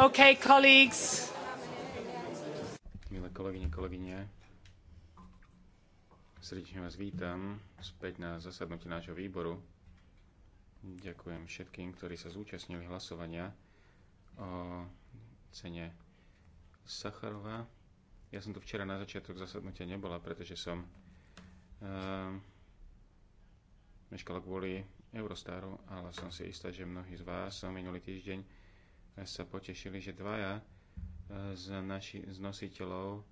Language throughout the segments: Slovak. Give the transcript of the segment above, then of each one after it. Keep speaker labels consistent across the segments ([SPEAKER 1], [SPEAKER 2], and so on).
[SPEAKER 1] Okay, colleagues.
[SPEAKER 2] Milé kolegyne, kolegyne, srdečne vás vítam späť na zasadnutí nášho výboru. Ďakujem všetkým, ktorí sa zúčastnili hlasovania o cene Sacharova. Ja som tu včera na začiatok zasadnutia nebola, pretože som uh, meškala kvôli Eurostaru, ale som si istá, že mnohí z vás minulý týždeň sa potešili, že dvaja e, z, naši, z nositeľov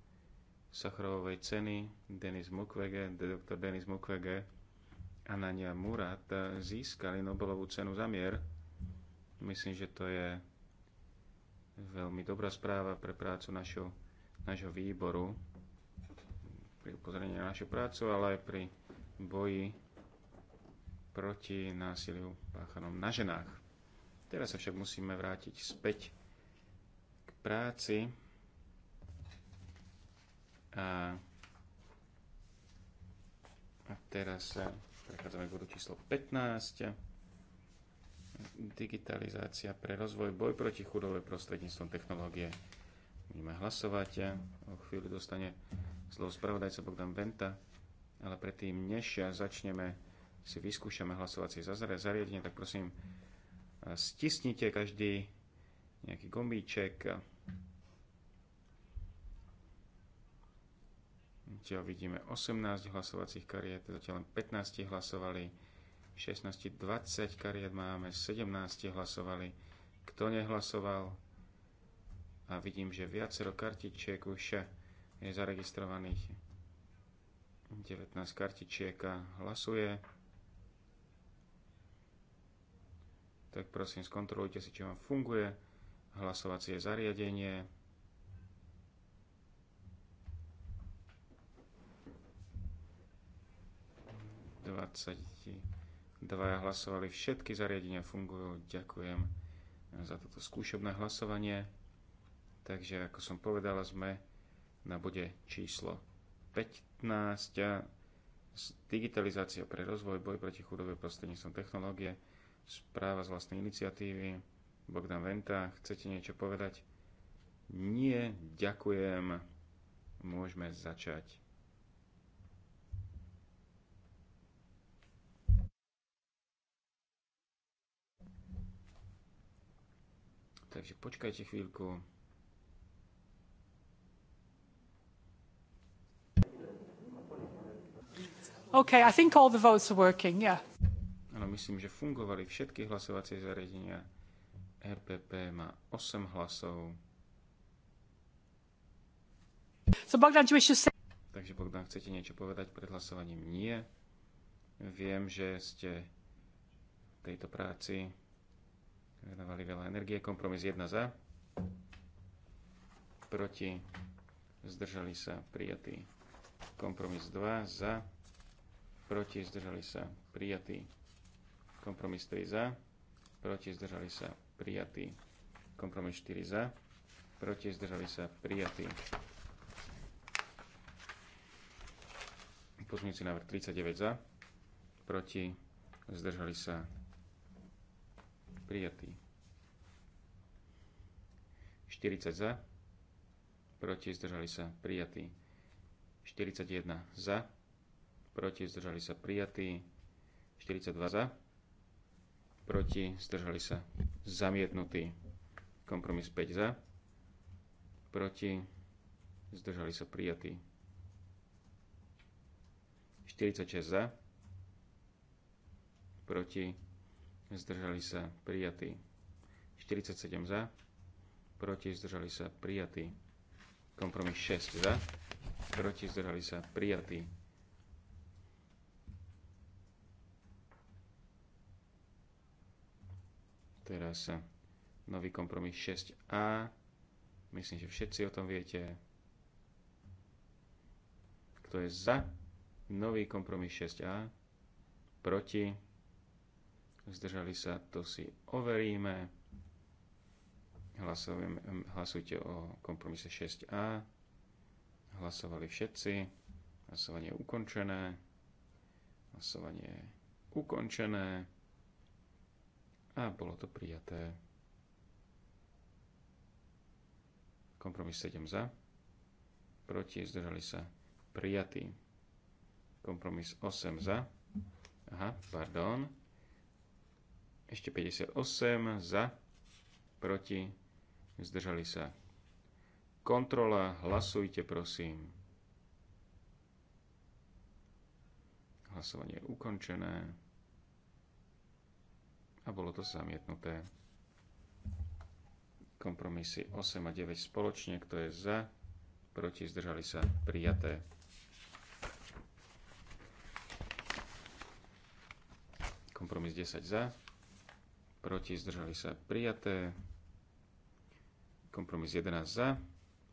[SPEAKER 2] Sachrovovej ceny, Denis Mukwege, doktor Denis Mukwege a Nania Murat e, získali Nobelovú cenu za mier. Myslím, že to je veľmi dobrá správa pre prácu našo, našho výboru, pri upozorení na našu prácu, ale aj pri boji proti násiliu páchanom na ženách. Teraz sa však musíme vrátiť späť k práci a, a teraz prechádzame k bodu číslo 15. Digitalizácia pre rozvoj, boj proti chudobe prostredníctvom technológie. Budeme hlasovať. O chvíľu dostane slovo spravodajca Bogdan Venta, ale predtým, než začneme, si vyskúšame hlasovacie zariadenie, tak prosím, stisnite každý nejaký gombíček. Zatiaľ vidíme 18 hlasovacích kariet, zatiaľ len 15 hlasovali, 16, 20 kariet máme, 17 hlasovali, kto nehlasoval. A vidím, že viacero kartičiek už je zaregistrovaných. 19 kartičiek hlasuje. tak prosím skontrolujte si, či vám funguje hlasovacie zariadenie. Dvaja hlasovali, všetky zariadenia fungujú. Ďakujem za toto skúšobné hlasovanie. Takže, ako som povedala, sme na bode číslo 15. Digitalizácia pre rozvoj, boj proti chudobe prostredníctvom technológie správa z vlastnej iniciatívy. Bogdan Venta, chcete niečo povedať? Nie, ďakujem. Môžeme začať. Takže počkajte chvíľku.
[SPEAKER 3] Okay, I think all the votes are working, yeah
[SPEAKER 2] myslím, že fungovali všetky hlasovacie zariadenia. RPP e má 8 hlasov.
[SPEAKER 1] So Bogdan, say...
[SPEAKER 2] Takže Bogdan, chcete niečo povedať pred hlasovaním? Nie. Viem, že ste tejto práci venovali veľa energie. Kompromis 1 za. Proti. Zdržali sa prijatí. Kompromis 2 za. Proti. Zdržali sa prijatí Kompromis 3 za. Proti zdržali sa prijatí. Kompromis 4 za. Proti zdržali sa prijatý. Pozmiňujúci návrh 39 za. Proti zdržali sa prijatí. 40 za. Proti zdržali sa prijatí. 41 za. Proti zdržali sa prijatí. 42 za proti, zdržali sa zamietnutí. Kompromis 5 za, proti, zdržali sa prijatí. 46 za, proti, zdržali sa prijatí. 47 za, proti, zdržali sa prijatí. Kompromis 6 za, proti, zdržali sa prijatí. Teraz nový kompromis 6a. Myslím, že všetci o tom viete. Kto je za nový kompromis 6a? Proti? Zdržali sa? To si overíme. Hlasujte o kompromise 6a. Hlasovali všetci. Hlasovanie je ukončené. Hlasovanie je ukončené a bolo to prijaté. Kompromis 7 za, proti, zdržali sa, prijatý. Kompromis 8 za, aha, pardon, ešte 58 za, proti, zdržali sa. Kontrola, hlasujte prosím. Hlasovanie je ukončené a bolo to zamietnuté. Kompromisy 8 a 9 spoločne, kto je za, proti, zdržali sa, prijaté. Kompromis 10 za, proti, zdržali sa, prijaté. Kompromis 11 za,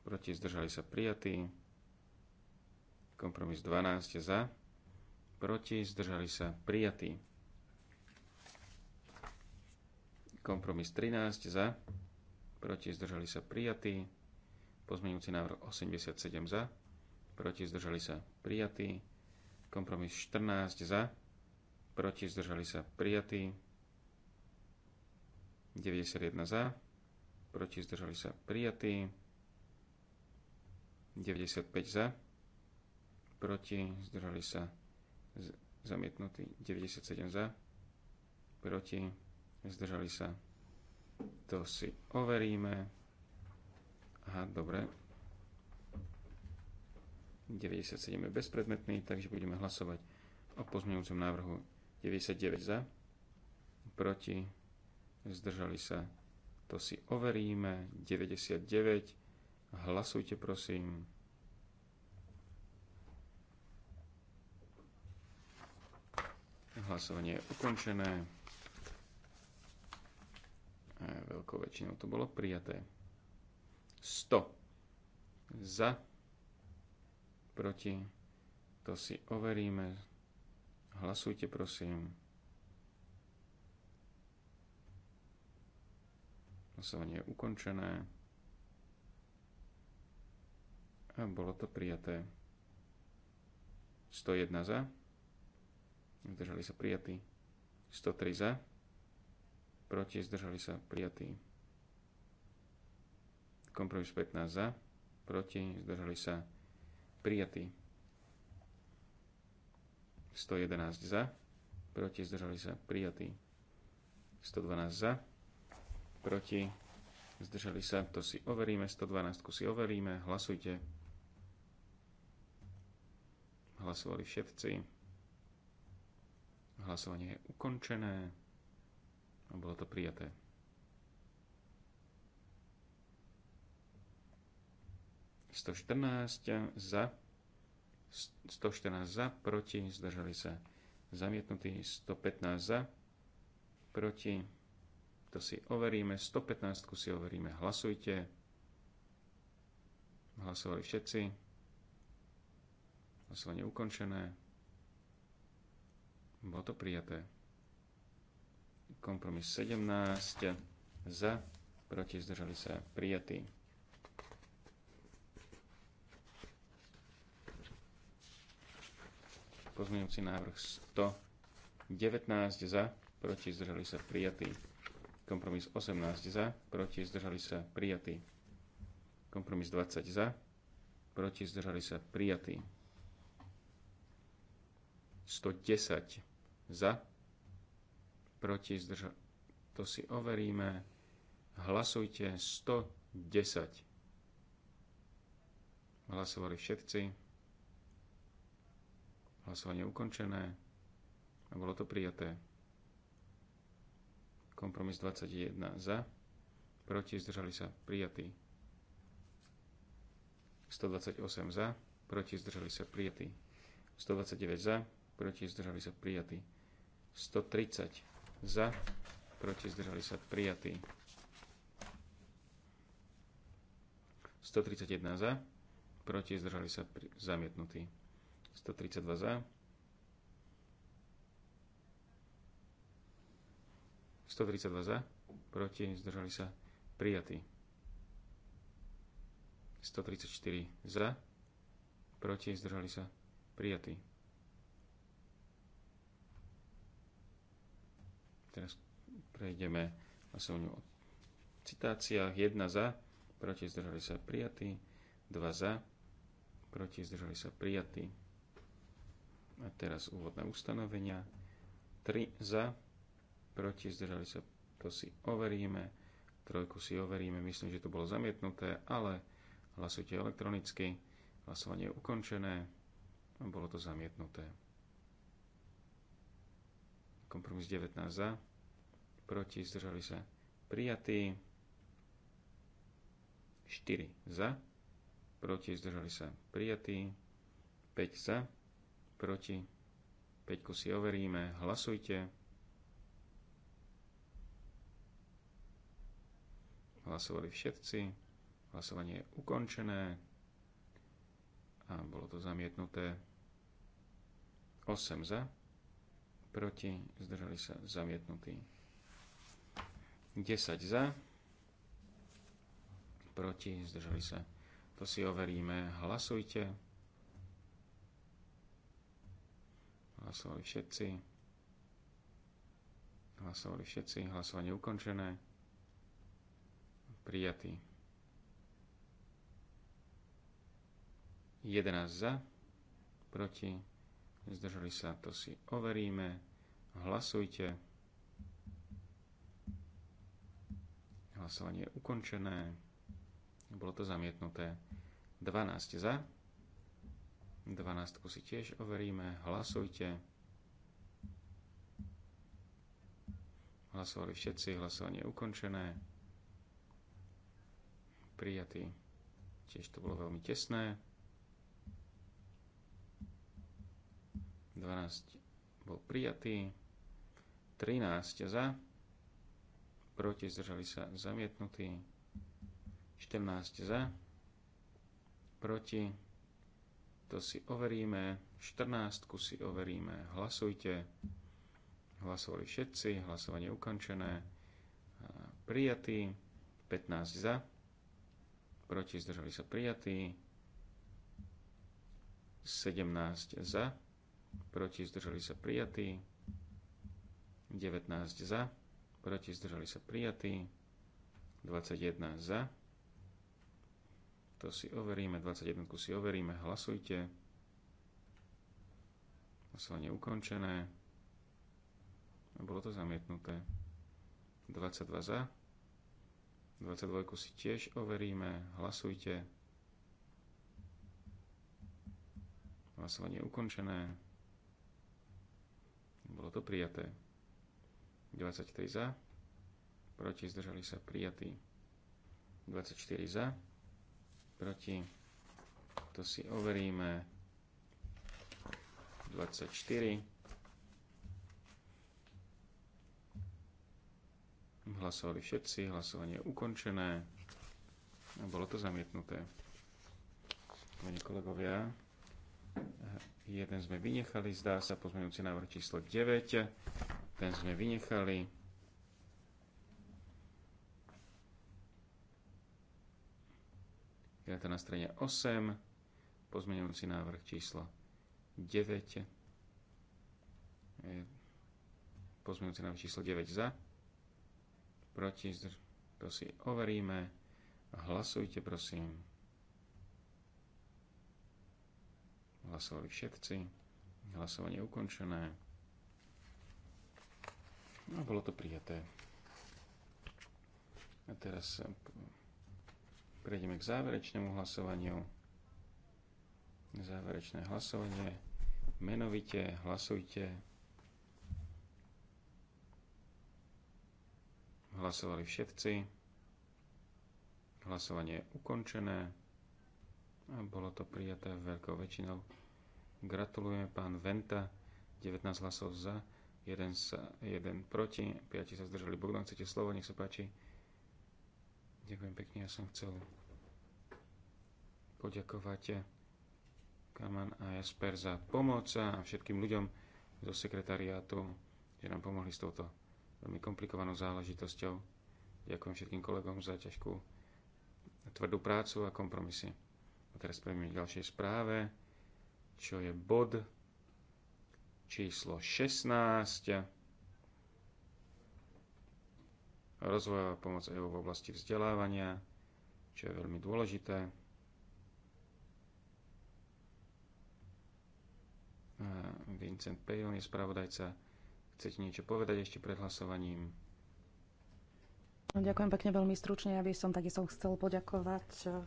[SPEAKER 2] proti, zdržali sa, prijatý. Kompromis 12 za, proti, zdržali sa, prijatý Kompromis 13 za, proti zdržali sa prijatí. Pozmeňujúci návrh 87 za, proti zdržali sa prijatí. Kompromis 14 za, proti zdržali sa prijatí. 91 za, proti zdržali sa prijatí. 95 za, proti zdržali sa zamietnutí. 97 za, proti zdržali sa. To si overíme. Aha, dobre. 97 je bezpredmetný, takže budeme hlasovať o pozmeňujúcom návrhu 99 za, proti, zdržali sa. To si overíme. 99. Hlasujte prosím. Hlasovanie je ukončené veľkou väčšinou to bolo prijaté. 100 za, proti, to si overíme. Hlasujte prosím. Hlasovanie je ukončené. A bolo to prijaté. 101 za. Zdržali sa prijatí. 103 za proti, zdržali sa prijatí. Kompromis 15 za, proti, zdržali sa prijatí. 111 za, proti, zdržali sa prijatí. 112 za, proti, zdržali sa, to si overíme, 112 si overíme, hlasujte. Hlasovali všetci. Hlasovanie je ukončené. A bolo to prijaté. za, 114 za, proti, zdržali sa zamietnutí, 115 za, proti, to si overíme, 115 si overíme, hlasujte. Hlasovali všetci. Hlasovanie ukončené. Bolo to prijaté. Kompromis 17 za, proti zdržali sa prijatí. Pozmeňujúci návrh 119 za, proti zdržali sa prijatí. Kompromis 18 za, proti zdržali sa prijatí. Kompromis 20 za, proti zdržali sa prijatí. 110 za, proti, zdrža... to si overíme. Hlasujte 110. Hlasovali všetci. Hlasovanie ukončené. A bolo to prijaté. Kompromis 21 za. Proti zdržali sa prijatí. 128 za. Proti zdržali sa prijatí. 129 za. Proti zdržali sa prijatí. 130 za, proti zdržali sa prijatí. 131 za, proti zdržali sa pri, zamietnutí. 132 za, 132 za, proti zdržali sa prijatí. 134 za, proti zdržali sa prijatí. teraz prejdeme asi o citáciách. Jedna za, proti zdržali sa prijatí. dva za, proti zdržali sa prijatí. A teraz úvodné ustanovenia. 3 za, proti zdržali sa, to si overíme. Trojku si overíme, myslím, že to bolo zamietnuté, ale hlasujte elektronicky. Hlasovanie je ukončené a bolo to zamietnuté kompromis 19 za, proti, zdržali sa prijatí, 4 za, proti, zdržali sa prijatí, 5 za, proti, 5 si overíme, hlasujte. Hlasovali všetci, hlasovanie je ukončené a bolo to zamietnuté 8 za, proti, zdržali sa zamietnutí. 10 za, proti, zdržali sa. To si overíme. Hlasujte. Hlasovali všetci. Hlasovali všetci. Hlasovanie ukončené. Prijatý. 11 za, proti, zdržali sa, to si overíme. Hlasujte. Hlasovanie je ukončené. Bolo to zamietnuté. 12 za. 12 si tiež overíme. Hlasujte. Hlasovali všetci. Hlasovanie je ukončené. Prijatý. Tiež to bolo veľmi tesné. 12 bol prijatý, 13 za, proti zdržali sa zamietnutí, 14 za, proti, to si overíme, 14 si overíme, hlasujte, hlasovali všetci, hlasovanie ukončené, prijatý, 15 za, proti zdržali sa prijatí, 17 za, proti zdržali sa prijatí, 19 za, proti zdržali sa prijatí, 21 za, to si overíme, 21 si overíme, hlasujte, hlasovanie ukončené, bolo to zamietnuté, 22 za, 22 si tiež overíme, hlasujte, hlasovanie ukončené, bolo to prijaté. 23 za. Proti zdržali sa prijatí. 24 za. Proti. To si overíme. 24. Hlasovali všetci. Hlasovanie je ukončené. A bolo to zamietnuté. Pani kolegovia, Jeden sme vynechali, zdá sa, pozmeňujúci návrh číslo 9. Ten sme vynechali. Je to na strane 8. Pozmeňujúci návrh číslo 9. Pozmeňujúci návrh číslo 9 za. Proti, to si overíme. Hlasujte, prosím. Hlasovali všetci. Hlasovanie ukončené. No, bolo to prijaté. A teraz prejdeme k záverečnému hlasovaniu. Záverečné hlasovanie. Menovite hlasujte. Hlasovali všetci. Hlasovanie je ukončené a bolo to prijaté veľkou väčšinou. Gratulujeme pán Venta, 19 hlasov za, 1, sa, 1 proti, 5 sa zdržali. Bogdan, chcete slovo, nech sa páči. Ďakujem pekne, ja som chcel poďakovať Kaman a Jasper za pomoc a všetkým ľuďom zo sekretariátu, že nám pomohli s touto veľmi komplikovanou záležitosťou. Ďakujem všetkým kolegom za ťažkú tvrdú prácu a kompromisy. A teraz prejdeme k ďalšej správe, čo je bod číslo 16. Rozvojová pomoc EU v oblasti vzdelávania, čo je veľmi dôležité. Vincent Pejon je spravodajca. Chcete niečo povedať ešte pred hlasovaním?
[SPEAKER 1] Ďakujem pekne veľmi stručne, aby som takisto chcel poďakovať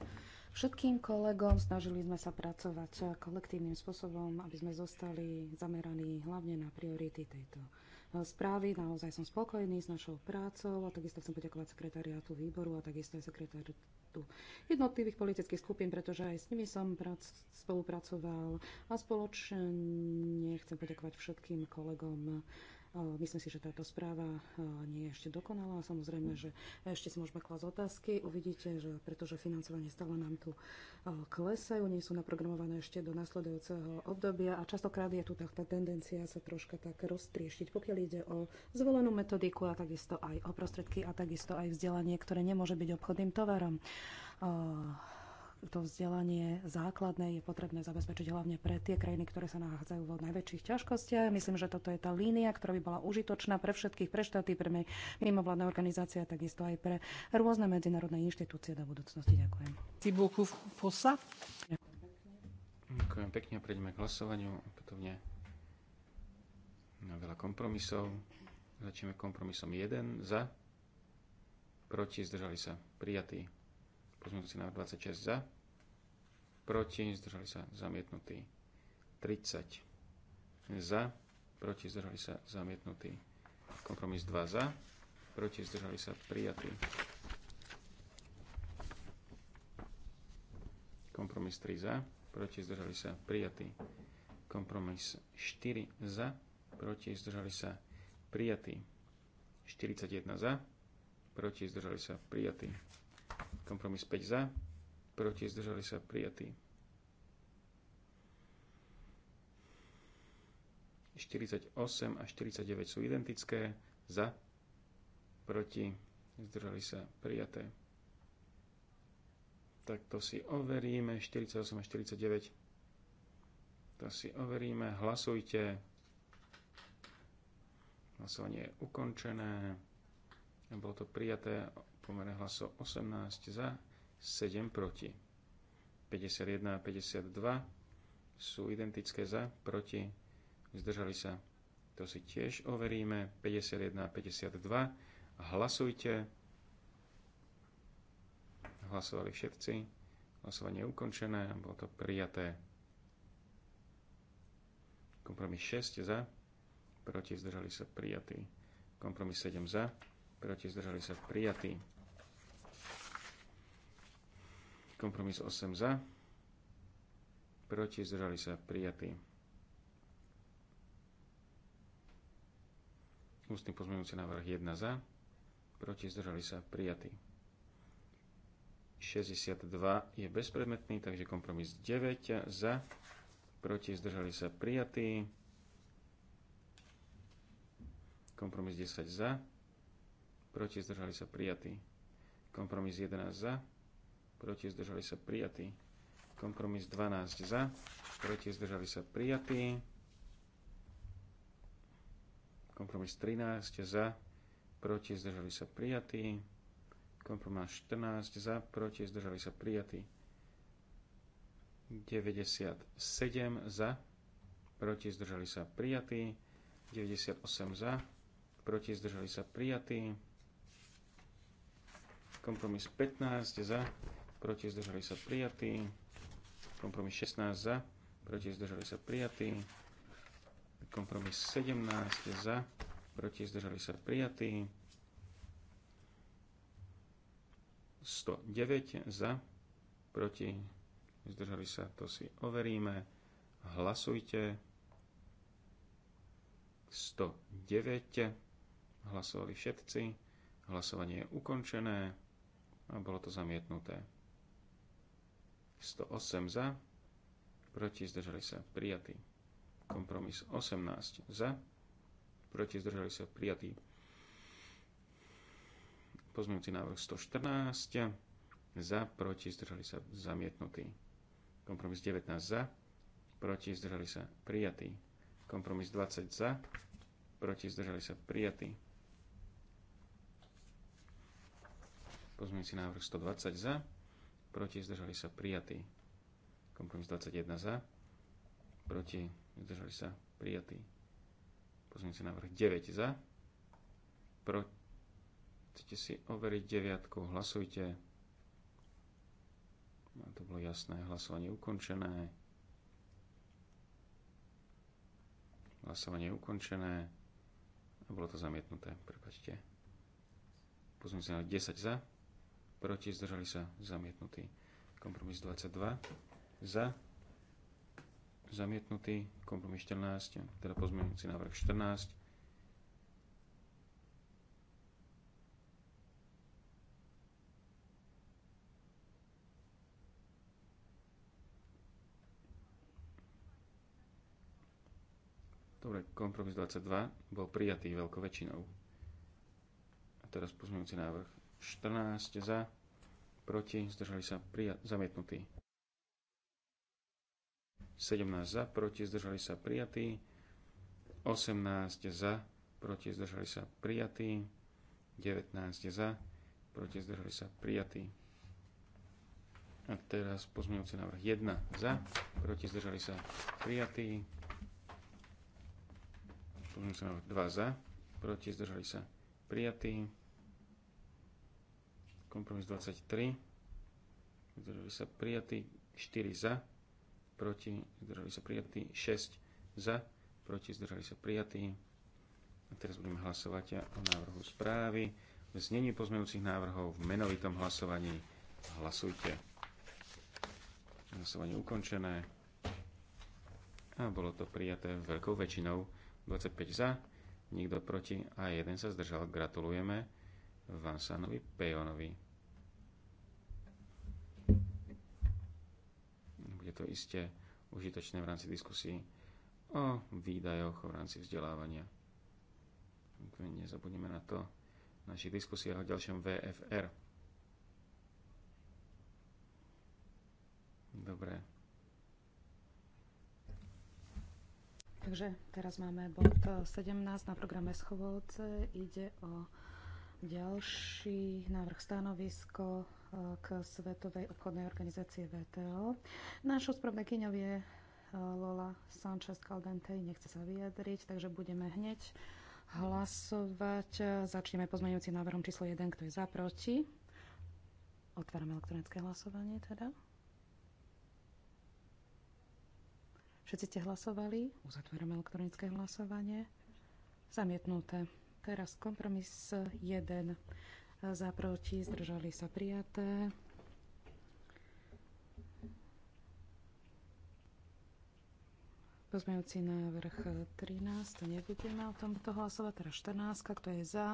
[SPEAKER 1] všetkým kolegom. Snažili sme sa pracovať kolektívnym spôsobom, aby sme zostali zameraní hlavne na priority tejto eh, správy. Naozaj som spokojný s našou prácou a takisto chcem poďakovať sekretariátu výboru a takisto aj sekretariátu jednotlivých politických skupín, pretože aj s nimi som spolupracoval a spoločne chcem poďakovať všetkým kolegom Myslím si, že táto správa nie je ešte dokonalá. Samozrejme, že ešte si môžeme klásť otázky. Uvidíte, že pretože financovanie stále nám tu klesajú, nie sú naprogramované ešte do nasledujúceho obdobia a častokrát je tu tá, tá tendencia sa troška tak roztrieštiť, pokiaľ ide o zvolenú metodiku a takisto aj o prostredky a takisto aj vzdelanie, ktoré nemôže byť obchodným tovarom to vzdelanie základné je potrebné zabezpečiť hlavne pre tie krajiny, ktoré sa nachádzajú vo najväčších ťažkostiach. Myslím, že toto je tá línia, ktorá by bola užitočná pre všetkých, pre štáty, pre mimovládne organizácie a takisto aj pre rôzne medzinárodné inštitúcie do budúcnosti. Ďakujem.
[SPEAKER 2] Ďakujem pekne a prejdeme k hlasovaniu. Opätovne na veľa kompromisov. Začneme kompromisom 1 za, proti, zdržali sa, prijatý. Pozmeňujúci návrh 26 za. Proti. Zdržali sa zamietnutí. 30 za. Proti. Zdržali sa zamietnutí. Kompromis 2 za. Proti. Zdržali sa prijatí. Kompromis 3 za. Proti. Zdržali sa prijatí. Kompromis 4 za. Proti. Zdržali sa prijatí. 41 za. Proti. Zdržali sa prijatí. Kompromis 5 za, proti zdržali sa prijatí. 48 a 49 sú identické, za, proti, zdržali sa prijaté. Tak to si overíme, 48 a 49. To si overíme, hlasujte. Hlasovanie je ukončené. Bolo to prijaté pomere hlasov 18 za, 7 proti. 51 a 52 sú identické za, proti, zdržali sa. To si tiež overíme. 51 a 52. Hlasujte. Hlasovali všetci. Hlasovanie je ukončené. Bolo to prijaté. Kompromis 6 za. Proti zdržali sa prijatí. Kompromis 7 za. Proti zdržali sa prijatí. Kompromis 8 za. Proti zdržali sa prijatí. Ústny pozmeňujúci návrh 1 za. Proti zdržali sa prijatí. 62 je bezpredmetný, takže kompromis 9 za. Proti zdržali sa prijatí. Kompromis 10 za. Proti zdržali sa prijatí. Kompromis 11 za proti zdržali sa prijatí. Kompromis 12 za, proti zdržali sa prijatí. Kompromis 13 za, proti zdržali sa prijatí. Kompromis 14 za, proti zdržali sa prijatí. 97 za, proti zdržali sa prijatí. 98 za, proti zdržali sa prijatí. Kompromis 15 za, proti zdržali sa prijatí. Kompromis 16 za, proti zdržali sa prijatí. Kompromis 17 za, proti zdržali sa prijatí. 109 za, proti zdržali sa, to si overíme. Hlasujte. 109. Hlasovali všetci. Hlasovanie je ukončené a bolo to zamietnuté. 108 za, proti zdržali sa prijatí. Kompromis 18 za, proti zdržali sa prijatí. Pozmúci návrh 114 za, proti zdržali sa zamietnutí. Kompromis 19 za, proti zdržali sa prijatí. Kompromis 20 za, proti zdržali sa prijatí. Pozmeňujúci návrh 120 za, proti, zdržali sa prijatí. Kompromis 21 za, proti, zdržali sa prijatí. na návrh 9 za, proti, chcete si overiť 9, hlasujte. A to bolo jasné, hlasovanie ukončené. Hlasovanie ukončené. A bolo to zamietnuté, prepačte. sa návrh 10 za, proti, zdržali sa zamietnutý Kompromis 22 za, zamietnutý, kompromis 14, teda pozmeňujúci návrh 14. Dobre, kompromis 22 bol prijatý veľkou väčšinou. A teraz pozmeňujúci návrh 14 za, proti, zdržali sa prija- zamietnutí. 17 za, proti, zdržali sa prijatí. 18 za, proti, zdržali sa prijatí. 19 za, proti, zdržali sa prijatí. A teraz pozmeňujúci návrh 1 za, proti, zdržali sa prijatí. Pozmeňujúci návrh 2 za, proti, zdržali sa prijatí. Kompromis 23. Zdržali sa prijatí 4 za. Proti zdržali sa prijatí 6 za. Proti zdržali sa prijatí. A teraz budeme hlasovať o návrhu správy. V znení pozmejúcich návrhov v menovitom hlasovaní hlasujte. Hlasovanie ukončené. A bolo to prijaté veľkou väčšinou. 25 za, nikto proti a jeden sa zdržal. Gratulujeme Vansanovi Pejonovi. Bude to iste užitočné v rámci diskusí o výdajoch v rámci vzdelávania. Nezabudneme na to v našich diskusiách o ďalšom VFR. Dobre.
[SPEAKER 1] Takže teraz máme bod 17 na programe schôdze. Ide o ďalší návrh stanovisko e, k Svetovej obchodnej organizácie VTO. Našou spravodajkyňou je e, Lola Sanchez Caldente, nechce sa vyjadriť, takže budeme hneď hlasovať. E, začneme pozmeňujúcim návrhom číslo 1, kto je za, proti. Otvárame elektronické hlasovanie teda. Všetci ste hlasovali? Uzatvárame elektronické hlasovanie. Zamietnuté. Teraz kompromis 1. Za proti zdržali sa prijaté. Pozmejúci návrh 13, to nebudeme o tomto hlasovať, teraz 14, kto je za,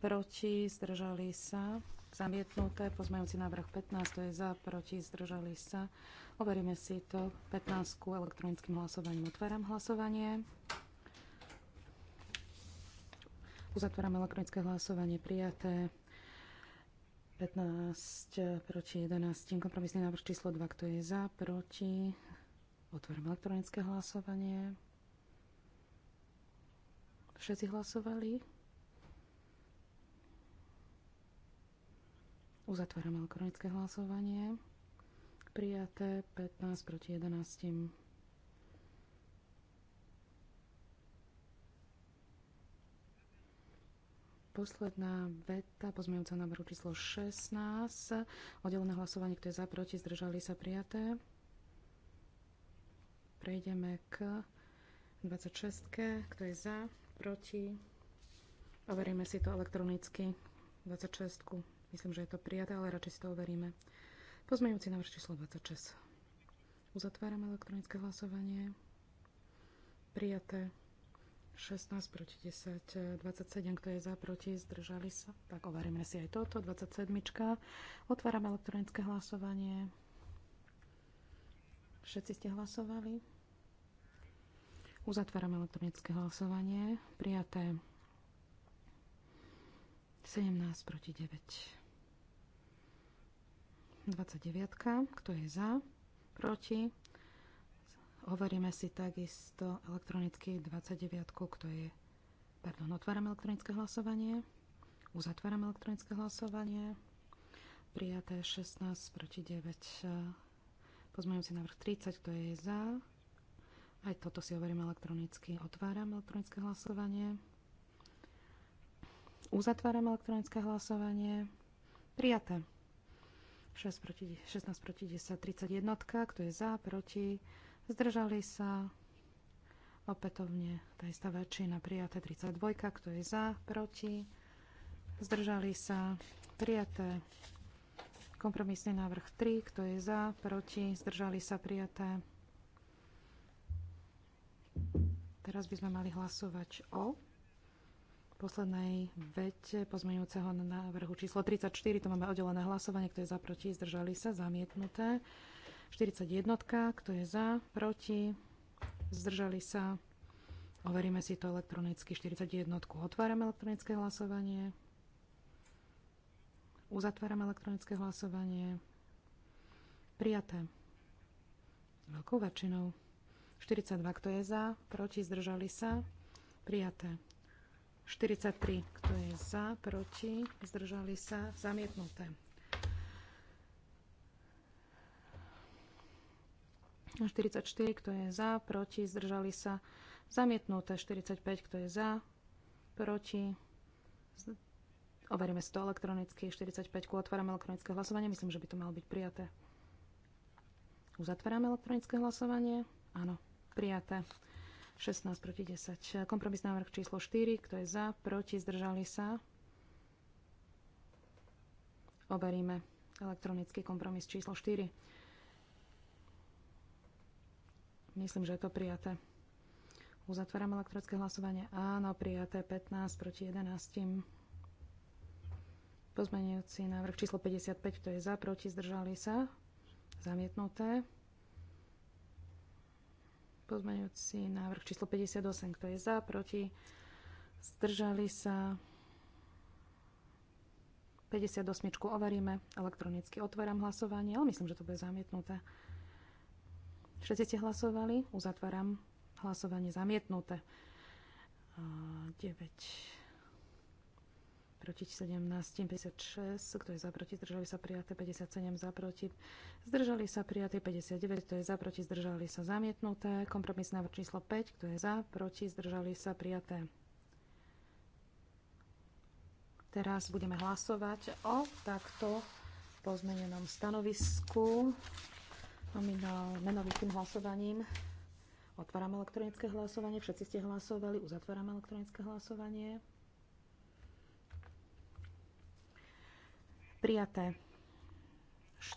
[SPEAKER 1] proti, zdržali sa, zamietnuté, pozmejúci návrh 15, to je za, proti, zdržali sa. Overíme si to 15 elektronickým hlasovaním. Otváram hlasovanie. Uzatváram elektronické hlasovanie prijaté. 15 proti 11. Kompromisný návrh číslo 2. Kto je za? Proti? Otvorím elektronické hlasovanie. Všetci hlasovali? Uzatváram elektronické hlasovanie. Prijaté 15 proti 11. posledná veta, pozmejúca návrhu číslo 16, oddelené hlasovanie, kto je za, proti, zdržali sa prijaté. Prejdeme k 26, kto je za, proti. Overíme si to elektronicky, 26. Myslím, že je to prijaté, ale radšej si to overíme. Pozmejúci návrh číslo 26. Uzatváram elektronické hlasovanie. Prijaté. 16 proti 10, 27, e, kto je za, proti, zdržali sa. Tak overíme si aj toto, 27. Otváram elektronické hlasovanie. Všetci ste hlasovali? Uzatváram elektronické hlasovanie. Prijaté 17 proti 9. 29. Kto je za? Proti? Hovoríme si takisto elektronicky 29, kto je... Pardon, otváram elektronické hlasovanie. Uzatváram elektronické hlasovanie. Prijaté 16 proti 9. Pozmeňujúci návrh 30, kto je za. Aj toto si overím elektronicky. Otváram elektronické hlasovanie. Uzatváram elektronické hlasovanie. Prijaté. 6 proti, 16 proti 10, 31, kto je za, proti Zdržali sa opätovne tá istá väčšina prijaté 32, kto je za, proti. Zdržali sa prijaté kompromisný návrh 3, kto je za, proti. Zdržali sa prijaté. Teraz by sme mali hlasovať o poslednej vete pozmeňujúceho návrhu číslo 34. To máme oddelené hlasovanie, kto je za, proti. Zdržali sa, zamietnuté. 41, kto je za, proti, zdržali sa. Overíme si to elektronicky. 41. Otváram elektronické hlasovanie. Uzatváram elektronické hlasovanie. Prijaté. Veľkou väčšinou. 42, kto je za, proti, zdržali sa. Prijaté. 43, kto je za, proti, zdržali sa, zamietnuté. 44, kto je za, proti, zdržali sa. Zamietnuté 45, kto je za, proti. Overíme 100 elektronicky, 45, otváram elektronické hlasovanie, myslím, že by to malo byť prijaté. Uzatváram elektronické hlasovanie. Áno, prijaté. 16 proti 10. Kompromis návrh číslo 4, kto je za, proti, zdržali sa. Overíme elektronický kompromis číslo 4. Myslím, že je to prijaté. Uzatváram elektronické hlasovanie. Áno, prijaté 15 proti 11. Pozmenujúci návrh číslo 55, kto je za, proti, zdržali sa. Zamietnuté. Pozmenujúci návrh číslo 58, kto je za, proti, zdržali sa. 58 overíme. Elektronicky otváram hlasovanie, ale myslím, že to bude zamietnuté. Všetci ste hlasovali? Uzatváram hlasovanie zamietnuté. 9 proti 17, 56, kto je za proti, zdržali sa prijaté, 57 za proti, zdržali sa prijaté, 59, kto je za proti, zdržali sa zamietnuté, kompromis návrh číslo 5, kto je za proti, zdržali sa prijaté. Teraz budeme hlasovať o takto pozmenenom stanovisku menovitým hlasovaním. Otváram elektronické hlasovanie. Všetci ste hlasovali. Uzatváram elektronické hlasovanie. Prijaté.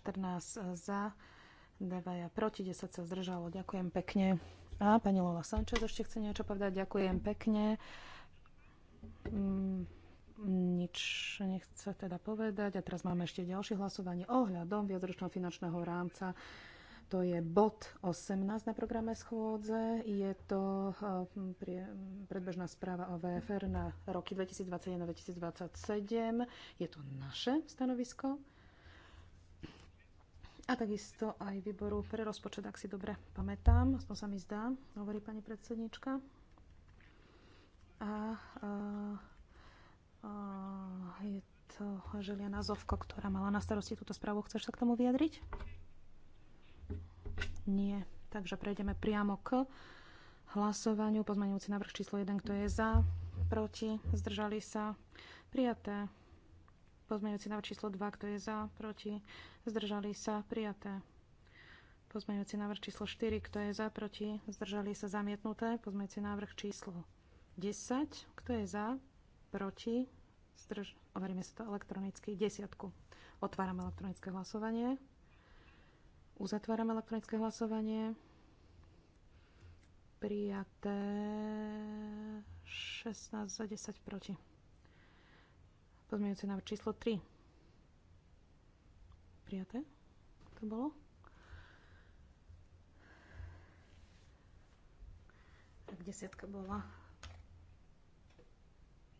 [SPEAKER 1] 14 za, 2 proti, 10 sa zdržalo. Ďakujem pekne. A pani Lola Sanchez ešte chce niečo povedať. Ďakujem pekne. Mm, nič nechce teda povedať. A teraz máme ešte ďalšie hlasovanie ohľadom viacročného finančného rámca to je bod 18 na programe schôdze. Je to hm, predbežná správa o VFR na roky 2021-2027. Je to naše stanovisko. A takisto aj výboru pre rozpočet, ak si dobre pamätám, aspoň sa mi zdá, hovorí pani predsednička. A, a, a je to Želiana Zovko, ktorá mala na starosti túto správu. Chceš sa k tomu vyjadriť? Nie. Takže prejdeme priamo k hlasovaniu. Pozmeňujúci návrh číslo 1, kto je za, proti, zdržali sa, prijaté. Pozmeňujúci návrh číslo 2, kto je za, proti, zdržali sa, prijaté. Pozmeňujúci návrh číslo 4, kto je za, proti, zdržali sa, zamietnuté. Pozmeňujúci návrh číslo 10, kto je za, proti, zdrž... Overíme si to elektronicky, desiatku. Otváram elektronické hlasovanie. Uzatváram elektronické hlasovanie. Prijaté 16 za 10 proti. Pozmeňujúce návrh číslo 3. Prijaté? To bolo? Tak desiatka bola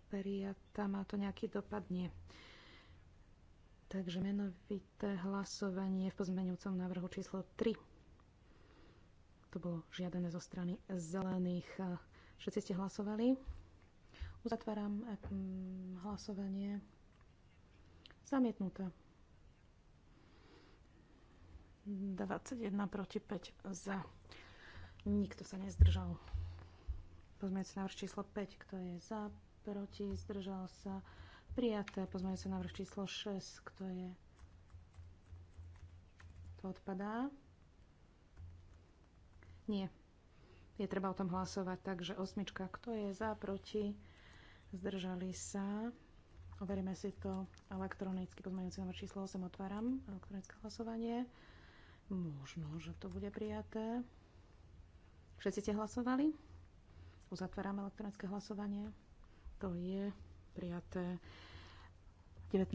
[SPEAKER 1] prijatá. Má to nejaký dopad? Nie. Takže menovité hlasovanie v pozmeňujúcom návrhu číslo 3. To bolo žiadené zo strany zelených. Všetci ste hlasovali. Uzatváram mm, hlasovanie. Zamietnuté. 21 proti 5 za. Nikto sa nezdržal. Pozmeňujúci návrh číslo 5. Kto je za, proti, zdržal sa. Prijaté pozmeňujúce návrh číslo 6, kto je? To odpadá. Nie. Je treba o tom hlasovať, takže osmička, kto je za, proti, zdržali sa. Overíme si to elektronicky, pozmeňujúci návrh číslo 8 otváram, elektronické hlasovanie. Možno, že to bude prijaté. Všetci ste hlasovali? Uzatváram elektronické hlasovanie. To je prijaté. 19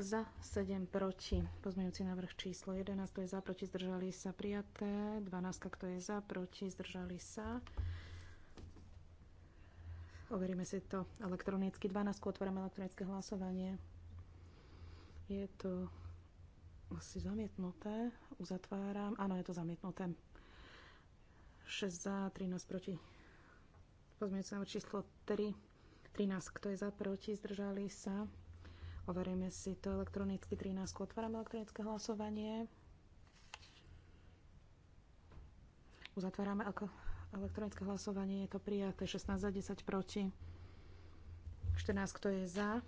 [SPEAKER 1] za, 7 proti. Pozmeňujúci návrh číslo 11, kto je za, proti, zdržali sa, prijaté. 12, kto je za, proti, zdržali sa. Overíme si to elektronicky. 12, otvorím elektronické hlasovanie. Je to asi zamietnuté. Uzatváram. Áno, je to zamietnuté. 6 za, 13 proti. Pozmeňujúci návrh číslo 3 13. Kto je za, proti, zdržali sa. Overíme si to elektronicky. 13. Otváram elektronické hlasovanie. Uzatvárame elektronické hlasovanie. Je to prijaté 16 za 10 proti. 14. Kto je za,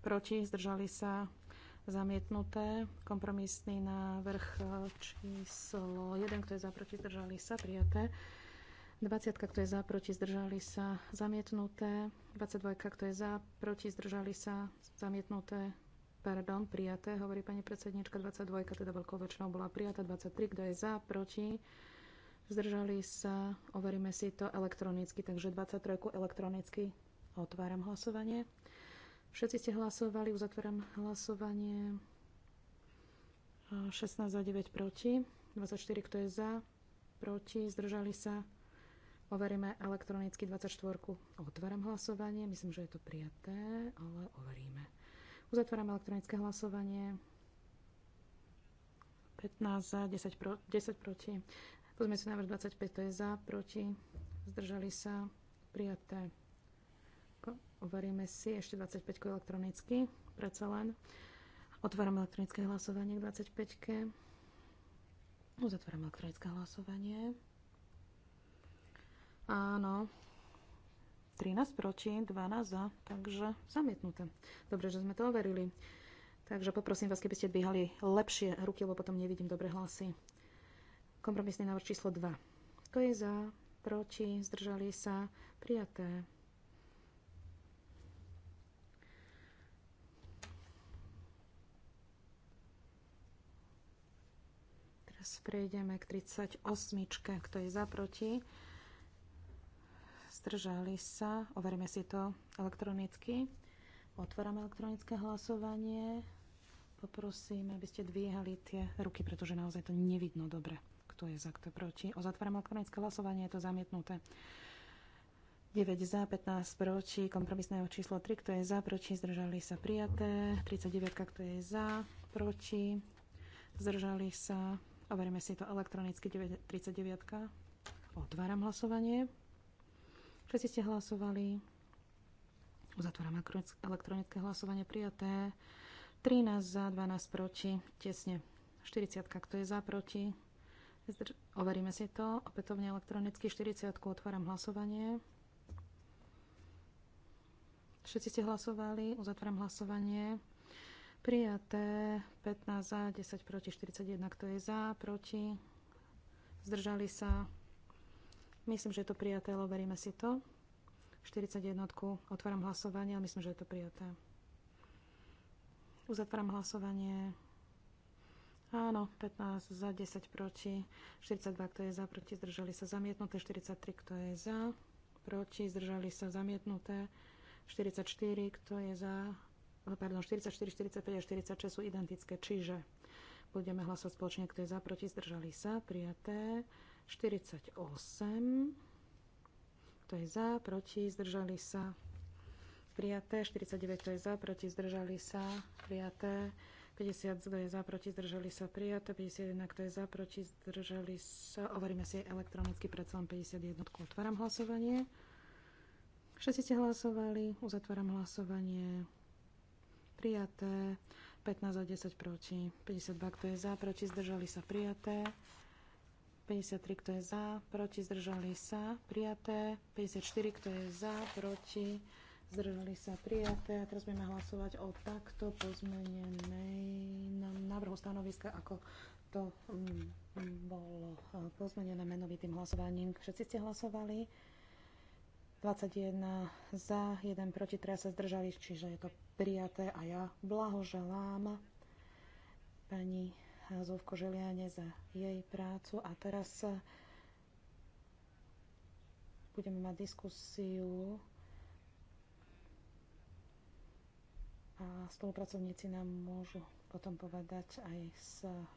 [SPEAKER 1] proti, zdržali sa zamietnuté. Kompromisný návrh eh, číslo 1, kto je za, proti, zdržali sa, prijaté. 20, kto je za, proti, zdržali sa, zamietnuté. 22, kto je za, proti, zdržali sa, zamietnuté. Pardon, prijaté, hovorí pani predsednička. 22, teda veľkou väčšinou bola prijatá. 23, kto je za, proti, zdržali sa. Overíme si to elektronicky, takže 23 elektronicky. Otváram hlasovanie. Všetci ste hlasovali, uzatváram hlasovanie. 16 za 9 proti, 24 kto je za, proti, zdržali sa Overíme elektronicky 24. Otváram hlasovanie. Myslím, že je to prijaté, ale overíme. Uzatváram elektronické hlasovanie. 15 za, 10, pro, 10 proti. Pozme si návrh 25, to je za, proti. Zdržali sa. Prijaté. Overíme si ešte 25 elektronicky. Preca len. Otváram elektronické hlasovanie k 25. Uzatváram elektronické hlasovanie. Áno. 13 proti, 12 za, takže zamietnuté. Dobre, že sme to overili. Takže poprosím vás, keby ste dvíhali lepšie ruky, lebo potom nevidím dobre hlasy. Kompromisný návrh číslo 2. Kto je za? Proti? Zdržali sa? Prijaté. Teraz prejdeme k 38. Kto je za? Proti? zdržali sa. Overíme si to elektronicky. Otvárame elektronické hlasovanie. Poprosím, aby ste dvíhali tie ruky, pretože naozaj to nevidno dobre, kto je za, kto je proti. zatvárame elektronické hlasovanie, je to zamietnuté. 9 za, 15 proti, kompromisné číslo 3, kto je za, proti, zdržali sa prijaté, 39, kto je za, proti, zdržali sa, overíme si to elektronicky, 39. Otváram hlasovanie. Všetci ste hlasovali. Uzatváram elektronické hlasovanie prijaté. 13 za, 12 proti, tesne 40, kto je za, proti. Overíme si to. Opätovne elektronicky 40, otváram hlasovanie. Všetci ste hlasovali, uzatváram hlasovanie. Prijaté 15 za, 10 proti, 41, kto je za, proti. Zdržali sa. Myslím, že je to prijaté, ale overíme si to. 41. Otváram hlasovanie, ale myslím, že je to prijaté. Uzatváram hlasovanie. Áno, 15 za, 10 proti, 42, kto je za, proti, zdržali sa zamietnuté, 43, kto je za, proti, zdržali sa zamietnuté, 44, kto je za, pardon, 44, 45 a 46 sú identické, čiže budeme hlasovať spoločne, kto je za, proti, zdržali sa, prijaté, 48, kto je za, proti, zdržali sa. Prijaté. 49, to je za, proti, zdržali sa. Prijaté. 50, kto je za, proti, zdržali sa. Prijaté. 51, kto je za, proti, zdržali sa. Overíme si elektronicky pred celom 51. Otváram hlasovanie. Všetci ste hlasovali. Uzatváram hlasovanie. Prijaté. 15 za 10 proti. 52, kto je za, proti, zdržali sa. Prijaté. 53, kto je za, proti, zdržali sa, prijaté. 54, kto je za, proti, zdržali sa, prijaté. A teraz budeme hlasovať o takto pozmenenej návrhu stanoviska, ako to mm, bolo e, pozmenené menovitým hlasovaním. Všetci ste hlasovali. 21 za, 1 proti, teraz sa zdržali, čiže je to prijaté a ja blahoželám pani Zovko Želiane za jej prácu a teraz eh, budeme mať diskusiu a spolupracovníci nám môžu potom povedať aj z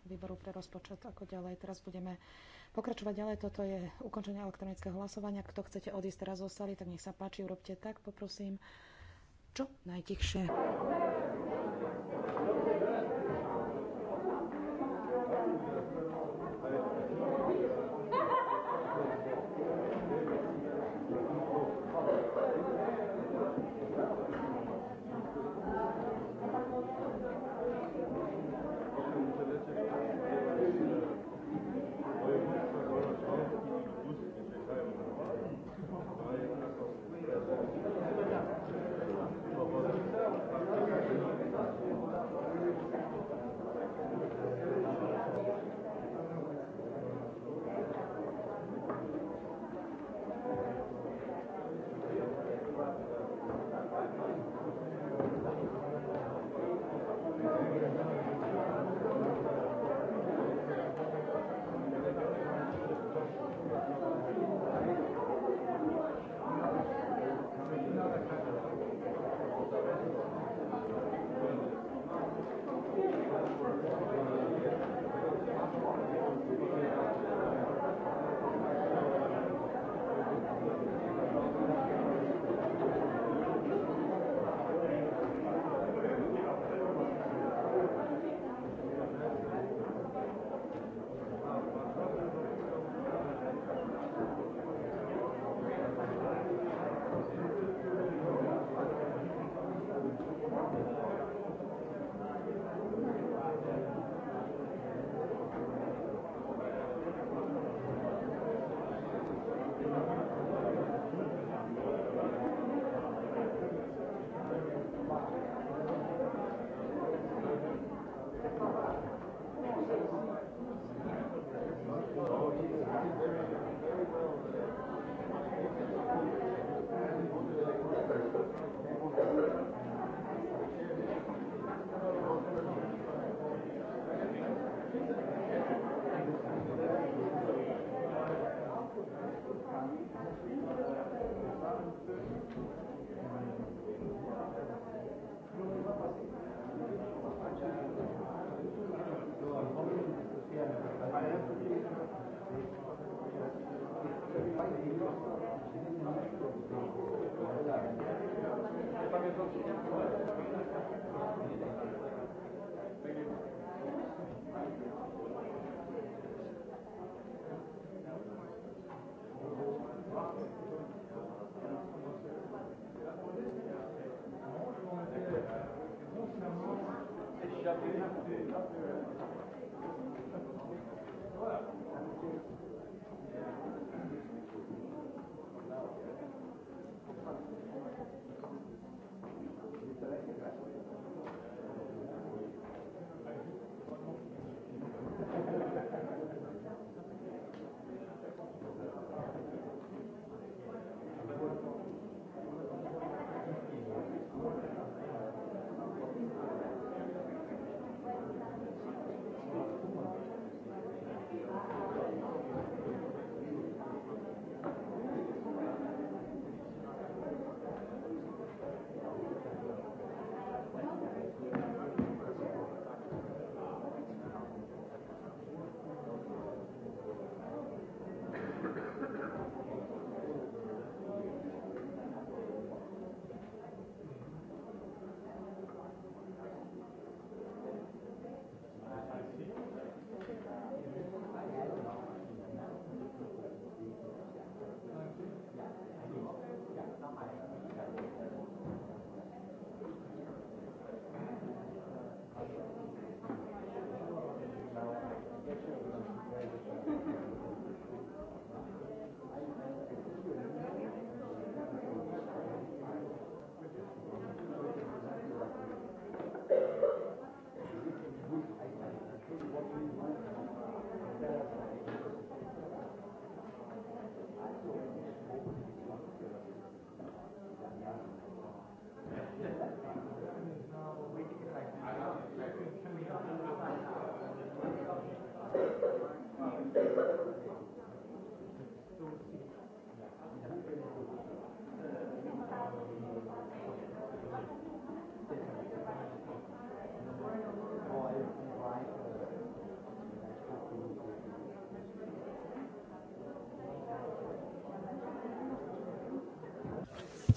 [SPEAKER 1] výboru pre rozpočet, ako ďalej. Teraz budeme pokračovať ďalej. Toto je ukončenie elektronického hlasovania. Kto chcete odísť teraz zostali, tak nech sa páči, urobte tak, poprosím, čo najtichšie.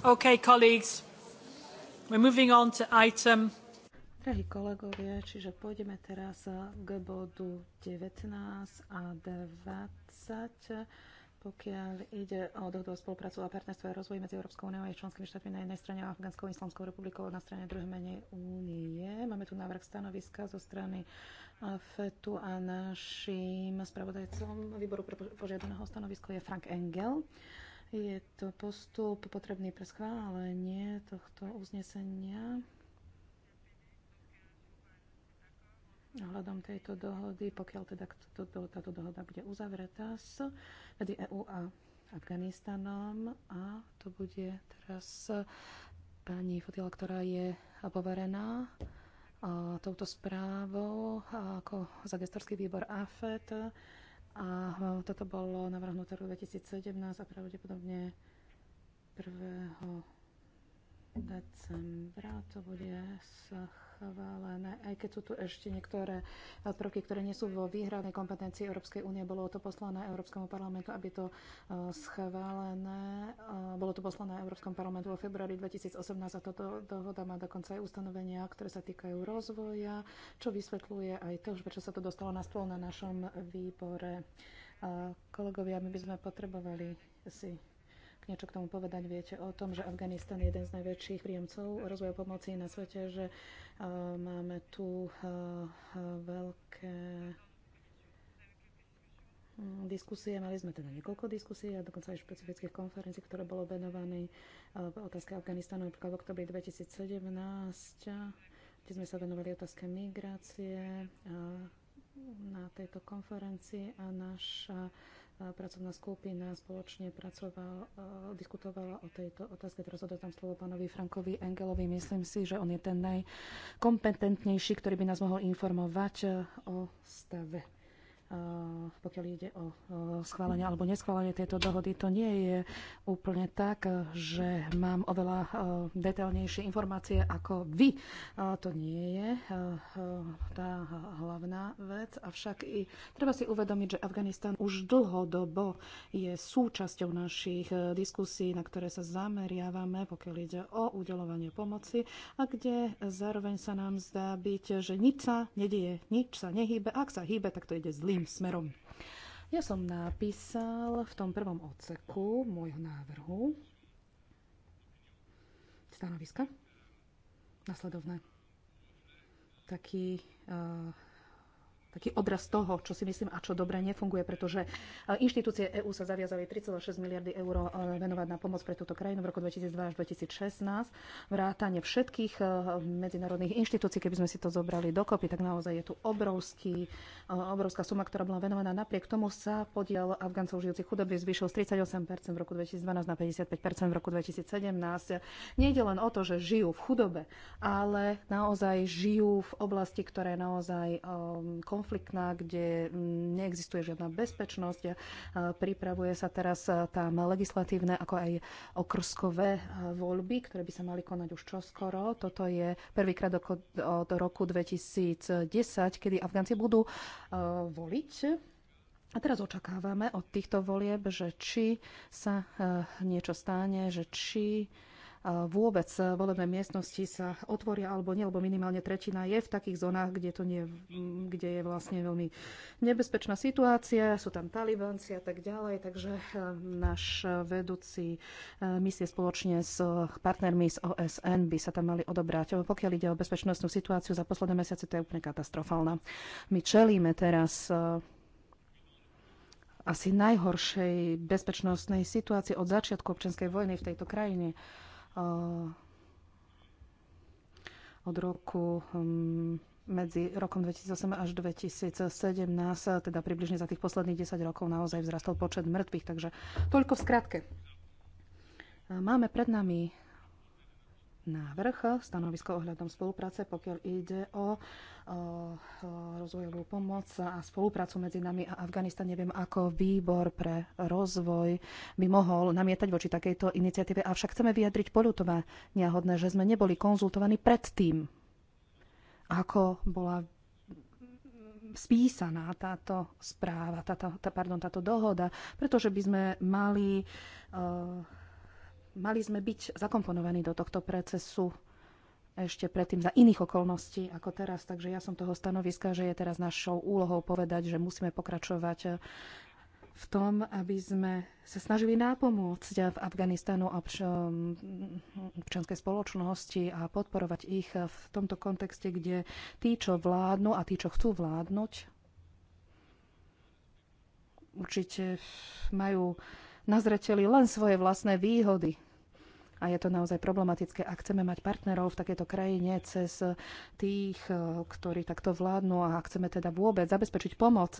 [SPEAKER 3] Okay, colleagues.
[SPEAKER 1] We're moving on to item... Drahí kolegovia, čiže pôjdeme teraz eh, k bodu 19 a 20 pokiaľ ide o dohodu o spoluprácu a partnerstve a rozvoji medzi Európskou úniou a jej členskými štátmi na jednej strane a Afgánskou islamskou republikou na strane druhej menej únie. Máme tu návrh stanoviska zo strany eh, FETu a našim spravodajcom výboru pre požiadaného stanovisko je Frank Engel. Uh, je to postup potrebný pre schválenie tohto uznesenia Hľadom tejto dohody, pokiaľ teda táto dohoda bude uzavretá s, medzi EU a Afganistanom. A to bude teraz pani Fotila, ktorá je poverená touto správou ako za gestorský výbor AFET a toto bolo navrhnuté v 2017 a pravdepodobne 1. decembra to bude sach schválené, aj keď sú tu ešte niektoré prvky, ktoré nie sú vo výhradnej kompetencii Európskej únie. Bolo to poslané Európskemu parlamentu, aby to e, schválené. E, bolo to poslané Európskom parlamentu vo februári 2018 a toto dohoda má dokonca aj ustanovenia, ktoré sa týkajú rozvoja, čo vysvetľuje aj to, prečo sa to dostalo na stôl na našom výbore. E, kolegovia, my by sme potrebovali si niečo k tomu povedať. Viete o tom, že Afganistan je jeden z najväčších príjemcov rozvoja pomoci na svete, že uh, máme tu uh, veľké mm, diskusie, mali sme teda niekoľko diskusí a dokonca aj špecifických konferencií, ktoré bolo venované e, otázke Afganistanu napríklad v oktobri 2017, kde sme sa venovali otázke migrácie na tejto konferencii a naša pracovná skupina spoločne pracovala, diskutovala o tejto otázke. Teraz odotám slovo pánovi Frankovi Engelovi. Myslím si, že on je ten najkompetentnejší, ktorý by nás mohol informovať e, o stave Eh, pokiaľ ide o eh, schválenie alebo neschválenie tejto dohody, to nie je úplne tak, že mám oveľa eh, detailnejšie informácie ako vy. To nie je tá hlavná vec, avšak i treba si uvedomiť, že Afganistan už dlhodobo je súčasťou našich diskusí, na ktoré sa zameriavame, pokiaľ ide o udelovanie pomoci a kde zároveň sa nám zdá byť, že nič sa nedieje, nič sa nehýbe. Ak sa hýbe, tak to ide zlým smerom. Ja som napísal v tom prvom odseku môjho návrhu stanoviska nasledovné. Taký uh, taký odraz toho, čo si myslím a čo dobre nefunguje, pretože eh, inštitúcie EÚ sa zaviazali 3,6 miliardy eur eh, venovať na pomoc pre túto krajinu v roku 2002 až 2016, vrátanie všetkých eh, medzinárodných inštitúcií, keby sme si to zobrali dokopy, tak naozaj je tu obrovský, obrovská suma, ktorá bola venovaná. Napriek tomu sa podiel Afgáncov žijúcich chudoby zvýšil z 38% v roku 2012 na 55% v roku 2017. Nejde len o to, že žijú v chudobe, ale naozaj žijú v oblasti, ktorá je naozaj um, konfliktná, kde neexistuje žiadna bezpečnosť. Pripravuje sa teraz tam legislatívne, ako aj okrskové voľby, ktoré by sa mali konať už čoskoro. Toto je prvýkrát od roku 2010, kedy Afgánci budú voliť a teraz očakávame od týchto volieb, že či sa niečo stane, že či vôbec e, volebné miestnosti sa otvoria alebo nie, lebo minimálne tretina je v takých zónach, kde, to nie, kde je vlastne veľmi nebezpečná situácia, sú tam talibanci a tak ďalej, takže e, náš vedúci e, misie spoločne s partnermi z OSN by sa tam mali odobrať. Pokiaľ ide o bezpečnostnú situáciu za posledné mesiace, to je úplne katastrofálna. My čelíme teraz asi najhoršej bezpečnostnej situácii od začiatku občianskej vojny v tejto krajine. Uh, od roku hm, medzi rokom 2008 až 2017, teda približne za tých posledných 10 rokov naozaj vzrastol počet mŕtvych. Takže toľko v skratke. Máme pred nami návrh stanovisko ohľadom spolupráce, pokiaľ ide o, o, rozvojovú pomoc a spoluprácu medzi nami a Afganistan. Neviem, ako výbor pre rozvoj by mohol namietať voči takejto iniciatíve, avšak chceme vyjadriť poľutovania nehodné, že sme neboli konzultovaní predtým, ako bola spísaná táto správa, táto, tá, pardon, táto dohoda, pretože by sme mali eh, mali sme byť zakomponovaní do tohto procesu ešte predtým za iných okolností ako teraz. Takže ja som toho stanoviska, že je teraz našou úlohou povedať, že musíme pokračovať v tom, aby sme sa snažili nápomôcť v Afganistanu a občianskej spoločnosti a podporovať ich v tomto kontexte, kde tí, čo vládnu a tí, čo chcú vládnuť, určite majú nazreteli len svoje vlastné výhody a je to naozaj problematické, ak chceme mať partnerov v takéto krajine cez tých, eh, ktorí takto vládnu a ak chceme teda vôbec zabezpečiť pomoc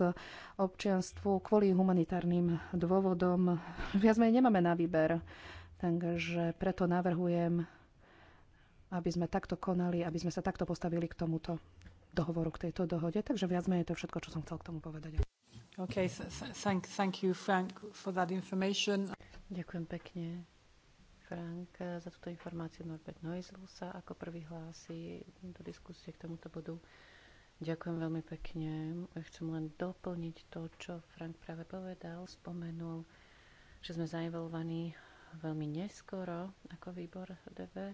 [SPEAKER 1] občianstvu kvôli humanitárnym dôvodom. Viac menej nemáme na výber. Takže preto navrhujem, aby sme takto konali, aby sme sa takto postavili k tomuto dohovoru, k tejto dohode. Takže
[SPEAKER 4] viac menej to všetko, čo som chcel k tomu povedať. Okay, thank, thank you, Frank, for that information. Ďakujem pekne Frank za túto informáciu. Norbert Noizl sa ako prvý hlási do diskusie k tomuto bodu. Ďakujem veľmi pekne. Chcem len doplniť to, čo Frank práve povedal. Spomenul, že sme zainvolovaní veľmi neskoro ako výbor DV.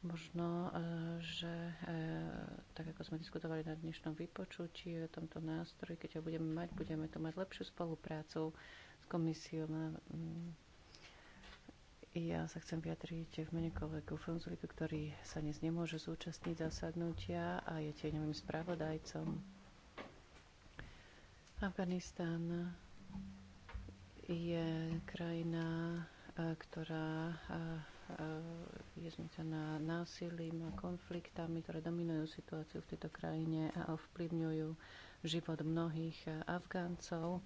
[SPEAKER 4] Možno, eh, že eh, tak ako sme diskutovali na dnešnom vypočutí o tomto nástroji, keď ho budeme mať, budeme tu mať lepšiu spoluprácu s komisiou na mm, ja sa chcem vyjadriť v mene kolegu Fonzulika, ktorý sa dnes nemôže zúčastniť zasadnutia a je tieňovým spravodajcom. Afganistan je krajina, eh, ktorá eh, eh, je zmytená násilím a konfliktami, ktoré dominujú situáciu v tejto krajine a ovplyvňujú život mnohých Afgáncov.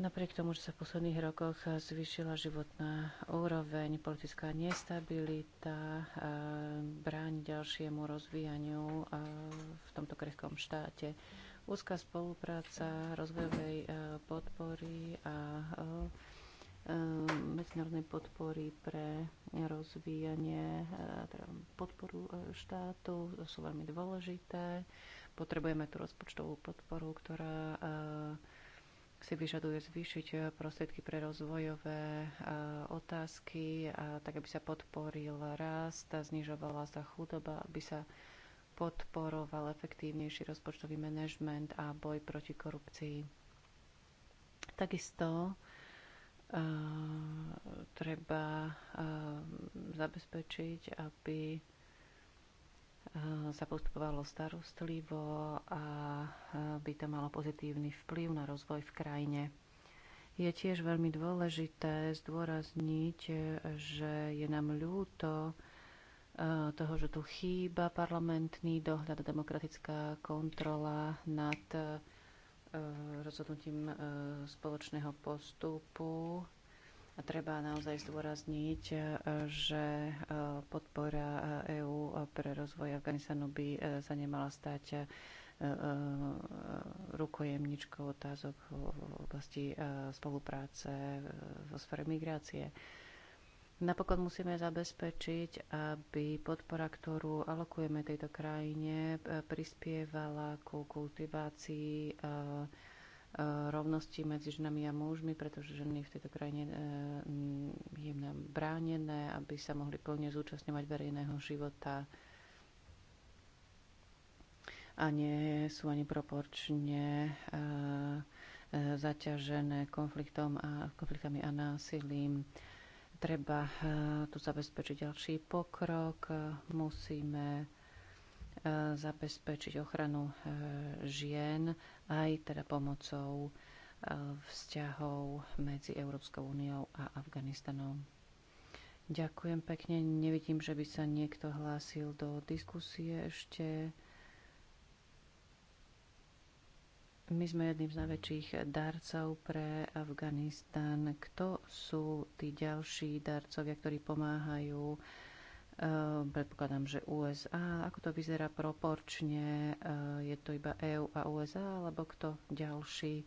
[SPEAKER 4] Napriek tomu, že sa v posledných rokoch zvýšila životná úroveň, politická nestabilita bráň ďalšiemu rozvíjaniu v tomto krehkom štáte. Úzka spolupráca rozvojovej podpory a medzinárodnej podpory pre rozvíjanie, teda podporu e, štátu sú veľmi dôležité. Potrebujeme tú rozpočtovú podporu, ktorá si vyžaduje zvýšiť eh, prostriedky pre rozvojové eh, otázky, tak aby sa podporil rast, znižovala sa chudoba, aby sa podporoval efektívnejší rozpočtový manažment a boj proti korupcii. Takisto eh, treba zabezpečiť, aby sa eh, postupovalo starostlivo a eh, by to malo pozitívny vplyv na rozvoj v krajine. Je tiež veľmi dôležité zdôrazniť, eh, že je nám ľúto toho, že tu chýba parlamentný dohľad, a demokratická kontrola nad rozhodnutím spoločného postupu a treba naozaj zdôrazniť, e, že e, podpora EÚ e pre rozvoj Afganistanu by sa nemala stať rukojemničkou otázok v oblasti spolupráce vo sfere migrácie. Napokon musíme zabezpečiť, aby podpora, ktorú alokujeme tejto krajine, prispievala ku kultivácii Eh, rovnosti medzi ženami a mužmi, pretože ženy v tejto krajine eh, mm, je nám bránené, aby sa mohli plne zúčastňovať verejného života a nie sú ani proporčne eh, zaťažené konfliktom a, konfliktami a násilím. Treba tu zabezpečiť ďalší pokrok, musíme zabezpečiť ochranu e, žien aj teda pomocou e, vzťahov medzi Európskou úniou a Afganistanom. Ďakujem pekne. Nevidím, že by sa niekto hlásil do diskusie ešte. My sme jedným z najväčších darcov pre Afganistan. Kto sú tí ďalší darcovia, ktorí pomáhajú Ehm, predpokladám, že USA. Ako to vyzerá proporčne? Ehm, je to iba EU a USA, alebo kto ďalší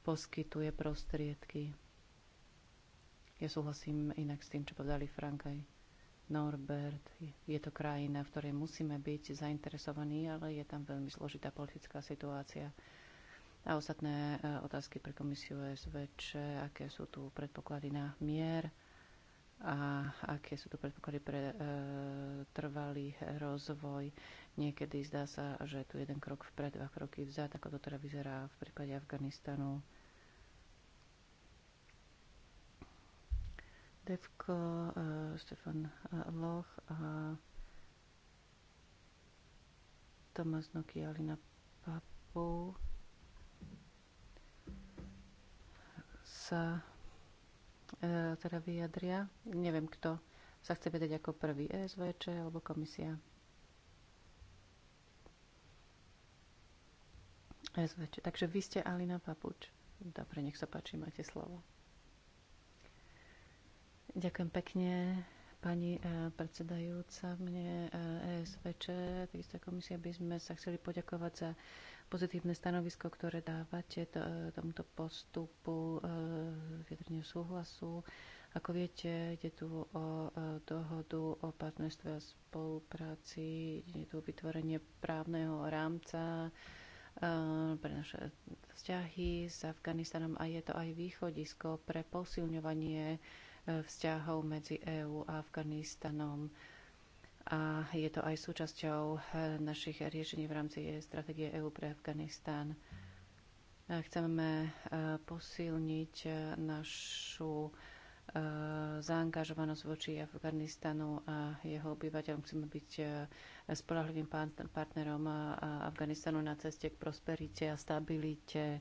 [SPEAKER 4] poskytuje prostriedky? Ja súhlasím inak s tým, čo povedali Frank aj Norbert. Je to krajina, v ktorej musíme byť zainteresovaní, ale je tam veľmi zložitá politická situácia. A ostatné ehm, otázky pre komisiu SVČ, aké sú tu predpoklady na mier, a aké sú to predpoklady pre e, trvalý rozvoj. Niekedy zdá sa, že tu jeden krok vpred, dva kroky vzad, ako to teda vyzerá v prípade Afganistanu. Devko, e, Stefan e, Loch a Tomas Noki, Alina Papu sa E, teda vyjadria. Neviem, kto sa chce vedieť ako prvý, ESVČ alebo komisia. ESVČ. Takže vy ste Alina Papuč. Dobre, nech sa páči, máte slovo. Ďakujem pekne. Pani e, predsedajúca, mne ESVČ, e takisto komisia, by sme sa chceli poďakovať za pozitívne stanovisko, ktoré dávate e, tomuto postupu e, vyjadreniu súhlasu. Ako viete, ide tu o e, dohodu o partnerstve a spolupráci, ide tu o vytvorenie právneho rámca pre naše vzťahy s Afganistanom a je to aj východisko pre posilňovanie vzťahov medzi EÚ a Afganistanom a je to aj súčasťou eh, našich riešení v rámci stratégie EÚ pre Afganistán. Chceme eh, posilniť eh, našu zaangažovanosť voči Afganistanu a jeho obyvateľom. Chceme byť spolahlivým partnerom Afganistanu na ceste k prosperite a stabilite.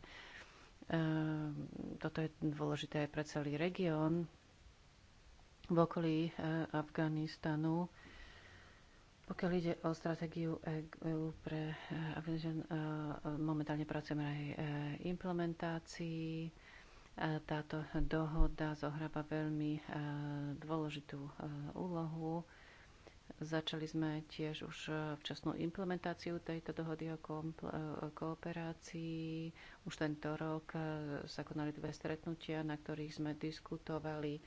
[SPEAKER 4] Toto je dôležité aj pre celý región v okolí Afganistanu pokiaľ ide o stratégiu e- EU pre eh, Avision, eh, momentálne pracujeme na jej eh, implementácii. Táto dohoda zohráva veľmi dôležitú úlohu. Začali sme tiež už včasnú implementáciu tejto dohody o kooperácii. Už tento rok sa konali dve stretnutia, na ktorých sme diskutovali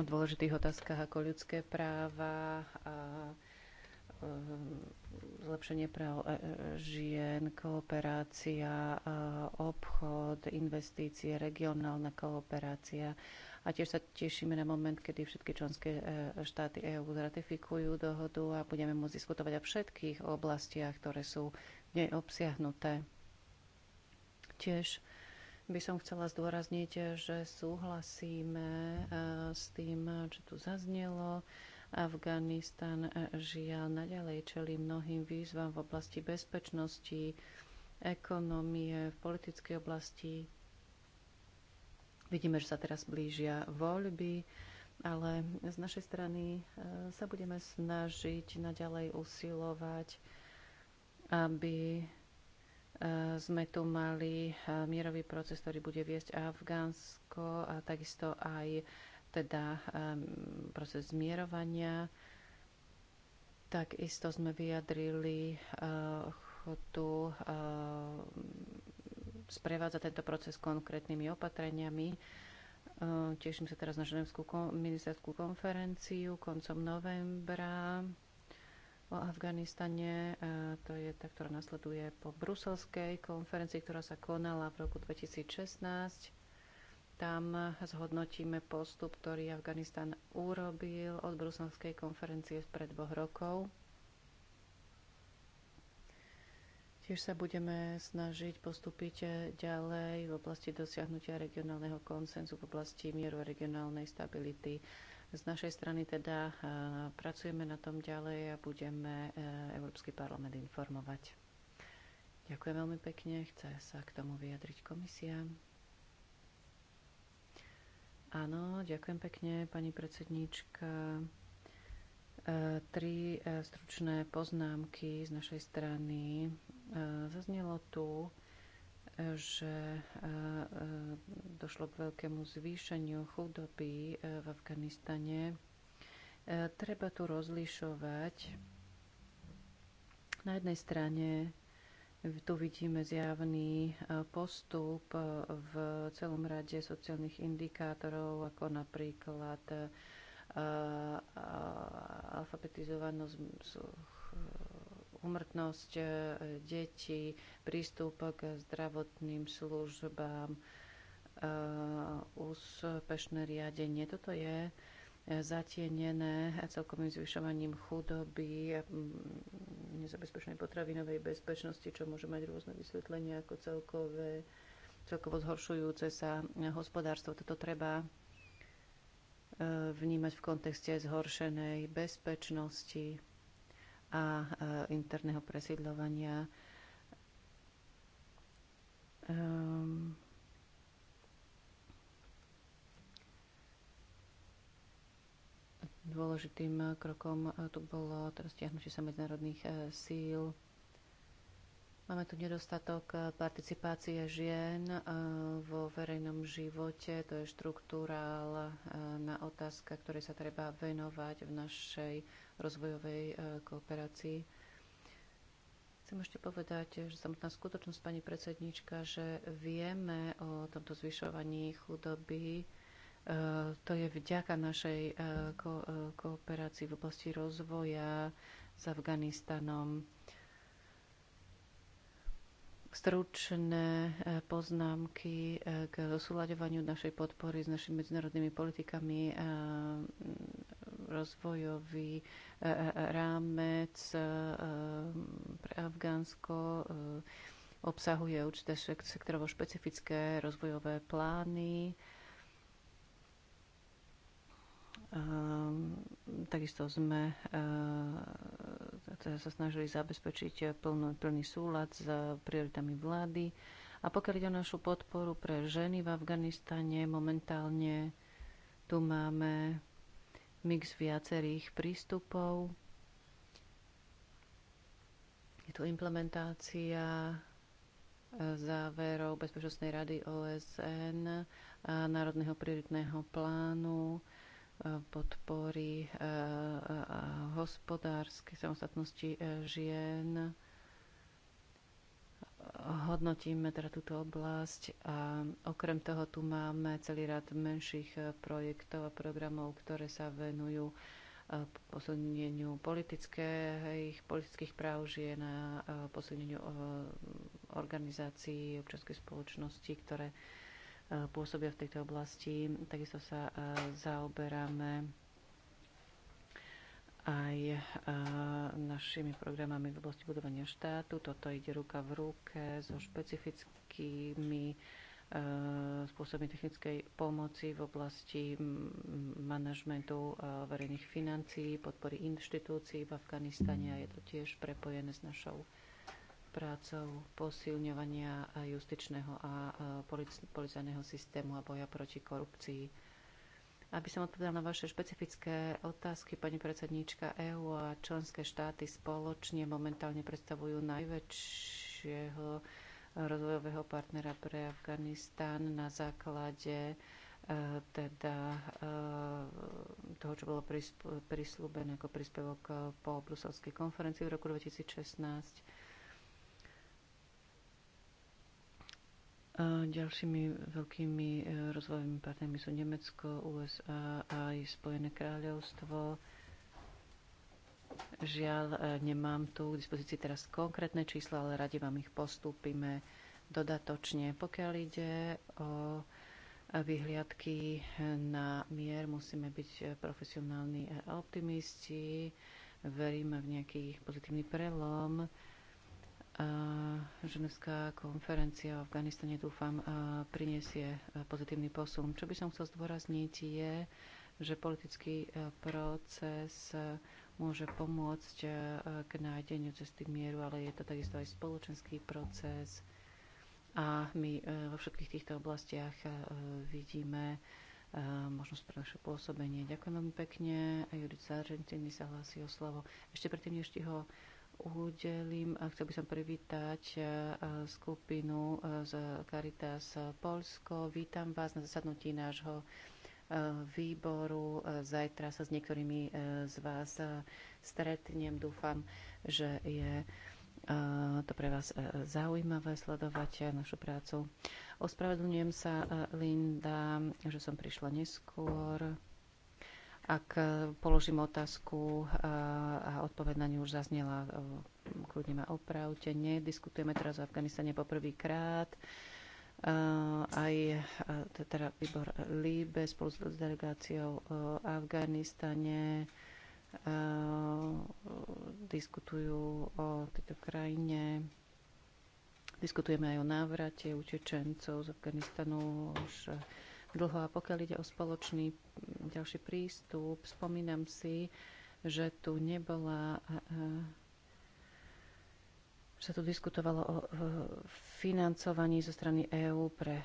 [SPEAKER 4] o dôležitých otázkach ako ľudské práva, a Eh, zlepšenie práv eh, žien, kooperácia, eh, obchod, investície, regionálna kooperácia. A tiež sa tešíme na moment, kedy všetky členské štáty EÚ ratifikujú dohodu a budeme môcť diskutovať o všetkých oblastiach, ktoré sú v nej obsiahnuté. Tiež by som chcela zdôrazniť, že súhlasíme s tým, čo tu zaznelo Afganistan žiaľ naďalej čeli mnohým výzvam v oblasti bezpečnosti, ekonomie, v politickej oblasti. Vidíme, že sa teraz blížia voľby, ale z našej strany e, sa budeme snažiť naďalej usilovať, aby e, sme tu mali e, mierový proces, ktorý bude viesť Afgánsko a takisto aj teda proces zmierovania. Takisto sme vyjadrili ochotu eh, eh, sprevádzať tento proces konkrétnymi opatreniami. Eh, teším sa teraz na Ženevskú ministerskú konferenciu koncom novembra o Afganistane. To je tá, ktorá nasleduje po bruselskej konferencii, ktorá sa konala v roku 2016 tam zhodnotíme postup, ktorý Afganistan urobil od bruselskej konferencie pred dvoch rokov. Tiež sa budeme snažiť postúpiť ďalej v oblasti dosiahnutia regionálneho konsenzu, v oblasti mieru a regionálnej stability. Z našej strany teda eh, pracujeme na tom ďalej a budeme eh, Európsky parlament informovať. Ďakujem veľmi pekne. Chce sa k tomu vyjadriť komisia. Áno, ďakujem pekne, pani predsedníčka. Tri e, stručné poznámky z našej strany. E, zaznelo tu, že e, došlo k veľkému zvýšeniu chudoby v Afganistane. Treba tu rozlišovať na jednej strane tu vidíme zjavný e, postup e, v celom rade sociálnych indikátorov, ako napríklad e, alfabetizovanosť, umrtnosť detí, prístup k zdravotným službám, úspešné riadenie. Toto je E, zatienené celkovým zvyšovaním chudoby a mm, nezabezpečenej potravinovej bezpečnosti, čo môže mať rôzne vysvetlenia ako celkové, celkovo zhoršujúce sa hospodárstvo. Toto treba e, vnímať v kontexte zhoršenej bezpečnosti a e, interného presídľovania. Um, Dôležitým eh, krokom eh, tu bolo teraz stiahnutie sa medzinárodných eh, síl. Máme tu nedostatok participácie žien vo verejnom živote. To je na otázka, ktorej sa treba venovať v našej rozvojovej kooperácii. Chcem ešte povedať, že samotná skutočnosť, pani predsednička, že vieme o tomto zvyšovaní chudoby, Eh, to je vďaka našej eh, ko- eh, kooperácii v oblasti rozvoja s Afganistanom. Stručné poznámky k zosúľaďovaniu našej podpory s našimi medzinárodnými politikami rozvojový rámec pre Afgánsko obsahuje určité sektorovo špecifické rozvojové plány Ehm, takisto sme ehm, teda sa snažili zabezpečiť plný, plný súlad s prioritami vlády. A pokiaľ ide o našu podporu pre ženy v Afganistane, momentálne tu máme mix viacerých prístupov. Je tu implementácia e, záverov Bezpečnostnej rady OSN a Národného prioritného plánu podpory eh, eh, hospodárskej samostatnosti eh, žien. Hodnotíme teda túto oblasť a okrem toho tu máme celý rad menších projektov a programov, ktoré sa venujú posuneniu politických, politických práv žien a posuneniu organizácií občianskej spoločnosti, ktoré pôsobia v tejto oblasti. Takisto sa e, zaoberáme aj e, našimi programami v oblasti budovania štátu. Toto ide ruka v ruke so špecifickými e, spôsobmi technickej pomoci v oblasti manažmentu verejných financií, podpory inštitúcií v Afganistane a je to tiež prepojené s našou prácou posilňovania justičného a policajného systému a boja proti korupcii. Aby som odpovedala na vaše špecifické otázky, pani predsedníčka EÚ a členské štáty spoločne momentálne predstavujú najväčšieho rozvojového partnera pre Afganistán na základe e, teda e, toho, čo bolo prislúbené ako príspevok po bruselskej konferencii v roku 2016 Ďalšími veľkými e, rozvojovými partnermi sú Nemecko, USA a aj Spojené kráľovstvo. Žiaľ, e, nemám tu k dispozícii teraz konkrétne čísla, ale radi vám ich postúpime dodatočne. Pokiaľ ide o vyhliadky na mier, musíme byť e, profesionálni a optimisti. Veríme v nejaký pozitívny prelom Ženevská konferencia o Afganistane dúfam prinesie pozitívny posun. Čo by som chcel zdôrazniť je, že politický e, proces e, môže pomôcť e, k nájdeniu cesty mieru, ale je to takisto aj spoločenský proces. A my vo všetkých týchto oblastiach vidíme možnosť pre naše pôsobenie. Ďakujem veľmi pekne. Judith Sargentini sa hlási o slovo. Ešte predtým, než ho udelím. Chcel by som privítať e, skupinu e, z Caritas Polsko. Vítam vás na zasadnutí nášho e, výboru. Zajtra sa s niektorými z vás stretnem. Dúfam, že je to pre vás zaujímavé sledovať našu prácu. Ospravedlňujem sa, Linda, že som prišla neskôr. Ak e, položím otázku e, a odpoveď na ňu už zaznela, e, kľudne ma opravte. Nediskutujeme teraz o Afganistane poprvýkrát. Aj teda výbor Líbe spolu s delegáciou o Afganistane diskutujú o tejto krajine. Diskutujeme aj o návrate utečencov z Afganistanu už dlho. A pokiaľ ide o spoločný ďalší prístup, spomínam si, že tu nebola sa tu diskutovalo o financovaní zo strany EÚ pre e,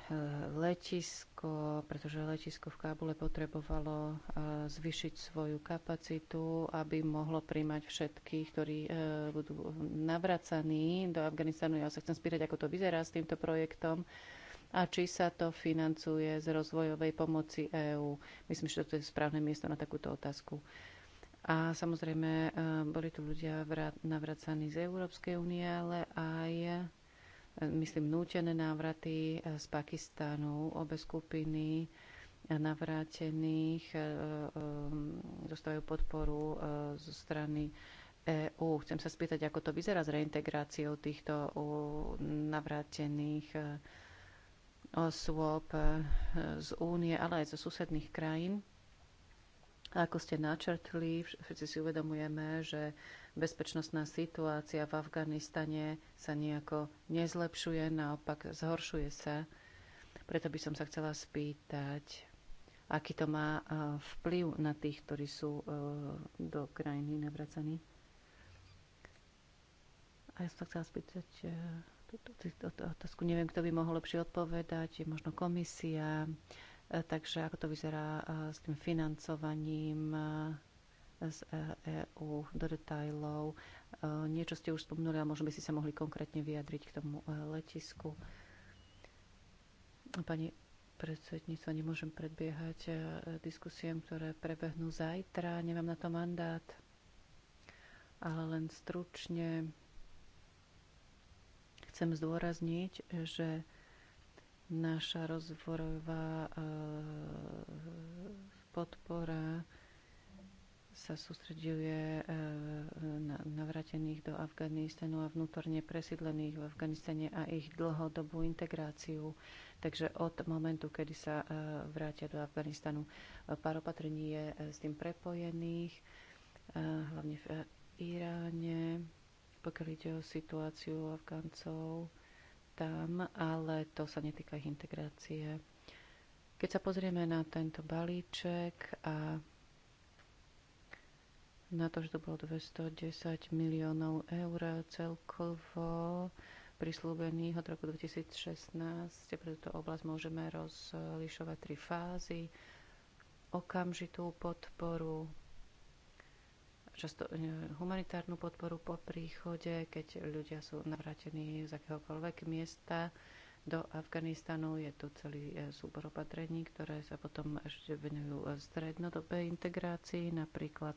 [SPEAKER 4] letisko, pretože letisko v Kábule potrebovalo e, zvyšiť svoju kapacitu, aby mohlo príjmať všetkých, ktorí e, budú navracaní do Afganistanu. Ja sa chcem spýtať, ako to vyzerá s týmto projektom a či sa to financuje z rozvojovej pomoci EÚ. Myslím, že toto je správne miesto na takúto otázku. A samozrejme, e, boli tu ľudia navracaní z Európskej únie, ale aj, e, myslím, nútené návraty e, z Pakistanu, Obe skupiny navrátených dostávajú podporu zo strany EÚ. Chcem sa spýtať, ako to vyzerá s reintegráciou týchto navrátených osôb eh, z únie, ale aj zo susedných krajín. A ako ste načrtli, všetci si uvedomujeme, že bezpečnostná situácia v Afganistane sa nejako nezlepšuje, naopak zhoršuje sa. Preto by som sa chcela spýtať, aký to má eh, vplyv na tých, ktorí sú eh, do krajiny navracaní. A ja som sa chcela spýtať, Túto otázku neviem, kto by mohol lepšie odpovedať, je možno komisia. E, takže ako to vyzerá e, s tým financovaním e, z EU do detajlov? Niečo ste už spomnuli, ale možno by si sa mohli konkrétne vyjadriť k tomu letisku. Pani predsedníctva, nemôžem predbiehať diskusiem, ktoré prebehnú zajtra. Nemám na to mandát, ale len stručne chcem zdôrazniť, že naša rozvorová e, podpora sa sústreďuje e, na navratených do Afganistanu a vnútorne presídlených v Afganistane a ich dlhodobú integráciu. Takže od momentu, kedy sa e, vrátia do Afganistanu, pár opatrení je s tým prepojených, hlavne v Iráne pokiaľ ide o situáciu Afgáncov tam, ale to sa netýka ich integrácie. Keď sa pozrieme na tento balíček a na to, že to bolo 210 miliónov eur celkovo prislúbených od roku 2016. Pre túto oblasť môžeme rozlišovať tri fázy. Okamžitú podporu, často e, humanitárnu podporu po príchode, keď ľudia sú navrátení z akéhokoľvek miesta do Afganistanu. Je tu celý e, súbor opatrení, ktoré sa potom ešte venujú e, strednodobej integrácii, napríklad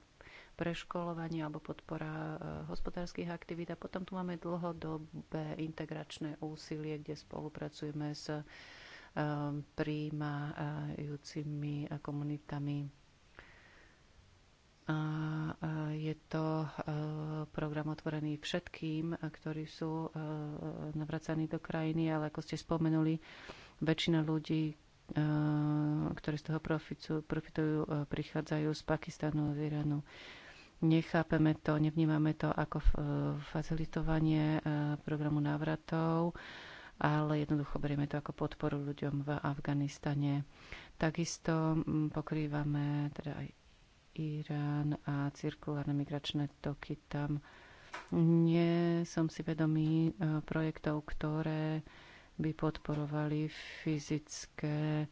[SPEAKER 4] preškolovanie alebo podpora hospodárskych aktivít. A potom tu máme dlhodobé integračné úsilie, kde spolupracujeme s príjmajúcimi komunitami a je to e, program otvorený všetkým, ktorí sú e, navracaní do krajiny, ale ako ste spomenuli, väčšina ľudí, e, ktorí z toho profitujú, prichádzajú z Pakistanu, z Iránu. Nechápeme to, nevnímame to ako facilitovanie programu návratov, ale jednoducho berieme to ako podporu ľuďom v Afganistane. Takisto pokrývame teda aj Irán a cirkulárne migračné toky tam. Nie som si vedomý e, projektov, ktoré by podporovali fyzické e,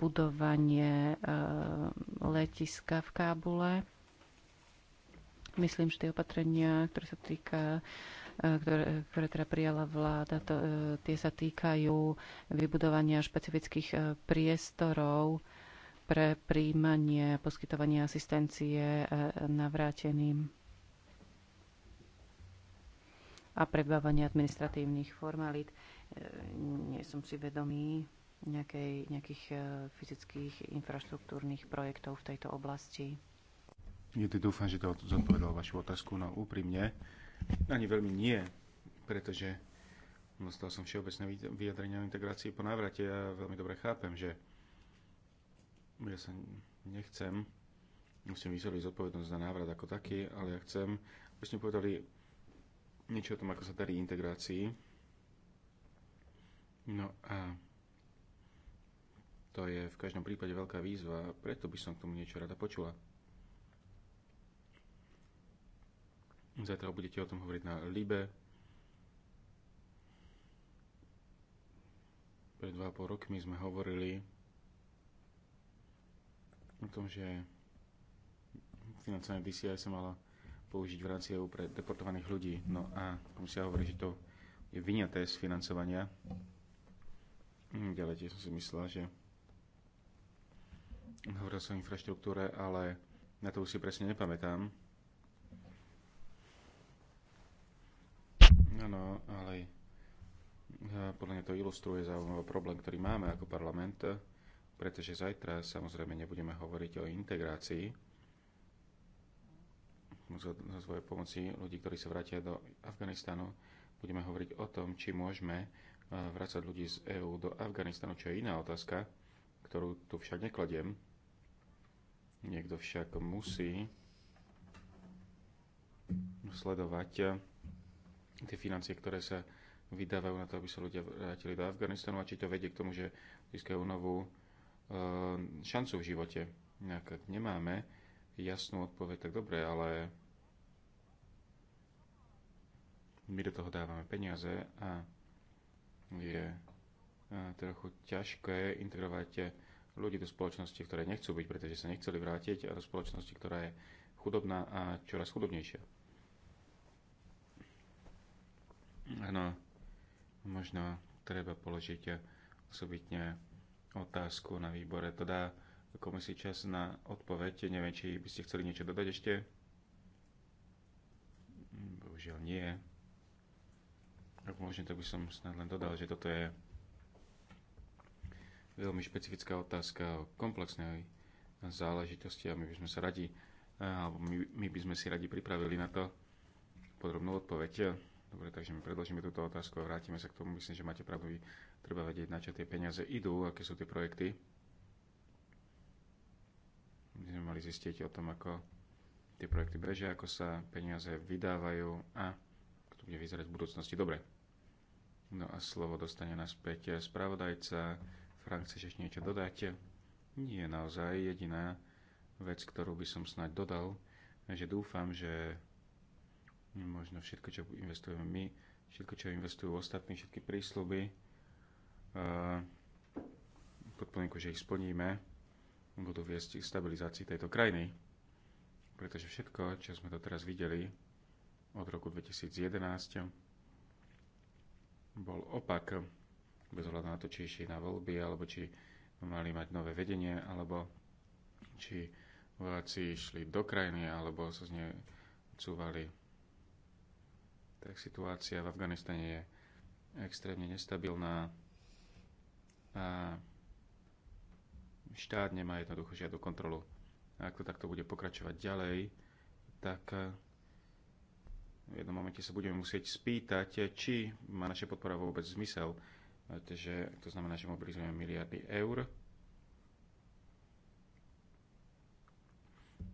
[SPEAKER 4] budovanie e, letiska v Kábule. Myslím, že tie opatrenia, ktoré sa týka ktoré, ktoré teda prijala vláda, to, tie sa týkajú vybudovania špecifických priestorov pre príjmanie a poskytovanie asistencie e, navráteným a predbávanie administratívnych formalít. E, nie som si vedomý nejakej, nejakých e, fyzických infraštruktúrnych projektov v tejto oblasti.
[SPEAKER 2] Ja dúfam, že to zodpovedalo vašu otázku, no úprimne, ani veľmi nie, pretože dostal som všeobecné vyjadrenia o integrácii po návrate. Ja veľmi dobre chápem, že ja sa nechcem, musím vysvetliť zodpovednosť za návrat ako taký, ale ja chcem, aby ste povedali niečo o tom, ako sa darí integrácii. No a to je v každom prípade veľká výzva, preto by som k tomu niečo rada počula. Zajtra budete o tom hovoriť na Libe. Pred 2,5 rokmi sme hovorili o tom, že financované DCI sa malo použiť v rámci EU pre deportovaných ľudí. No a komisia hovorí, že to je vyňaté z financovania. Hm, ďalej tiež som si myslel, že hovoril som o infraštruktúre, ale na to už si presne nepamätám. Áno, no, ale eh, podľa mňa to ilustruje zaujímavý problém, ktorý máme ako parlament pretože zajtra samozrejme nebudeme hovoriť o integrácii zo svojej pomoci ľudí, ktorí sa vrátia do Afganistanu. Budeme hovoriť o tom, či môžeme eh, vrácať ľudí z EÚ do Afganistanu, čo je iná otázka, ktorú tu však nekladiem. Niekto však musí sledovať eh, tie financie, ktoré sa vydávajú na to, aby sa ľudia vrátili do Afganistanu a či to vedie k tomu, že získajú novú Eh, šancu v živote. Ak nemáme jasnú odpoveď, tak dobre, ale my do toho dávame peniaze a je eh, trochu ťažké integrovať eh, ľudí do spoločnosti, ktoré nechcú byť, pretože sa nechceli vrátiť, a do spoločnosti, ktorá je chudobná a čoraz chudobnejšia. Áno, možno treba položiť osobitne otázku na výbore. To dá čas na odpoveď. Neviem, či by ste chceli niečo dodať ešte. Bohužiaľ nie. Ak môžem, tak by som snad len dodal, že toto je veľmi špecifická otázka o komplexnej záležitosti a my by sme sa radi, alebo my, my by sme si radi pripravili na to podrobnú odpoveď. Dobre, takže my predložíme túto otázku a vrátime sa k tomu. Myslím, že máte pravdu, vy treba vedieť, na čo tie peniaze idú, aké sú tie projekty. My sme mali zistiť o tom, ako tie projekty bežia, ako sa peniaze vydávajú a ako to bude vyzerať v budúcnosti. Dobre. No a slovo dostane naspäť spravodajca. Frank, chceš ešte niečo dodať? Nie, naozaj jediná vec, ktorú by som snáď dodal, že dúfam, že možno všetko, čo investujeme my, všetko, čo investujú ostatní, všetky prísľuby, uh, eh, podmienkou, že ich splníme, budú viesť k stabilizácii tejto krajiny. Pretože všetko, čo sme doteraz videli od roku 2011, bol opak, bez hľadu na to, či išli na voľby, alebo či mali mať nové vedenie, alebo či vojaci išli do krajiny, alebo sa z nej cúvali tak situácia v Afganistane je extrémne nestabilná a štát nemá jednoducho žiadnu kontrolu. A ak to takto bude pokračovať ďalej, tak v jednom momente sa budeme musieť spýtať, či má naša podpora vôbec zmysel. Takže to znamená, že mobilizujeme miliardy eur,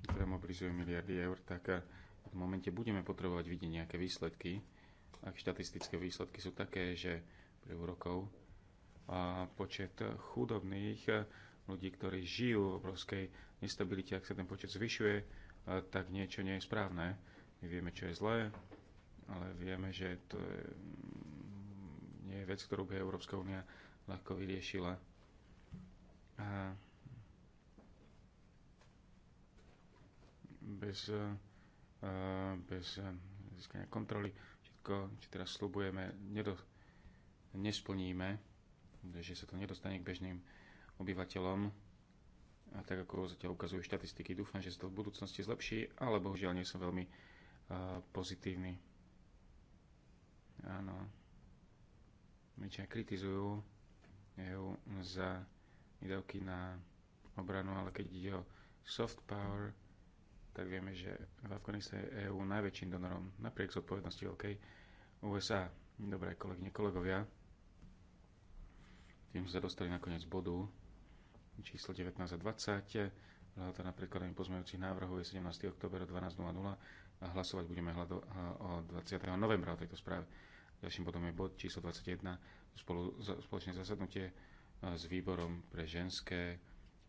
[SPEAKER 2] ktoré mobilizujú miliardy eur, tak v momente budeme potrebovať vidieť nejaké výsledky, ak štatistické výsledky sú také, že pre úrokov a počet chudobných e, ľudí, ktorí žijú v obrovskej nestabilite, ak sa ten počet zvyšuje, e, tak niečo nie je správne. My vieme, čo je zlé, ale vieme, že to je, mm, nie je vec, ktorú by Európska únia ľahko vyriešila. A bez e, bez eh, získania kontroly. Všetko, čo teraz slubujeme, nedo, nesplníme, že sa to nedostane k bežným obyvateľom. A tak ako zatiaľ ukazujú štatistiky, dúfam, že sa to v budúcnosti zlepší, ale bohužiaľ nie som veľmi eh, pozitívny. Áno. Menšia kritizujú EU za výdavky na obranu, ale keď ide o soft power, tak vieme, že v Afganistane je EU najväčším donorom, napriek zodpovednosti veľkej USA. Dobré kolegyne, kolegovia, tým sme sa dostali nakoniec bodu číslo 19 a 20. Hľadá na predkladanie pozmejúcich návrhov je 17. október 12.00 a hlasovať budeme hľado, o 20. novembra o tejto správe. Ďalším bodom je bod číslo 21, spolu, spoločné zasadnutie e, s výborom pre ženské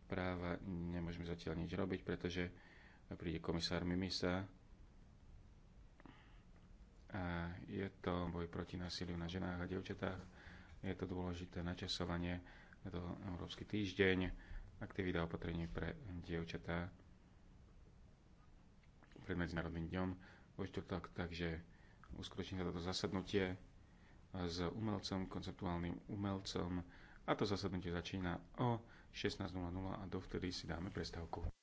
[SPEAKER 2] práva. Nemôžeme zatiaľ nič robiť, pretože príde komisár Mimisa. A je to boj proti násiliu na ženách a devčatách. Je to dôležité načasovanie to Európsky týždeň, aktivita opatrení pre dievčatá pred Medzinárodným dňom vo štvrtok, takže uskutoční sa toto zasadnutie s umelcom, konceptuálnym umelcom a to zasadnutie začína o 16.00 a dovtedy si dáme prestávku.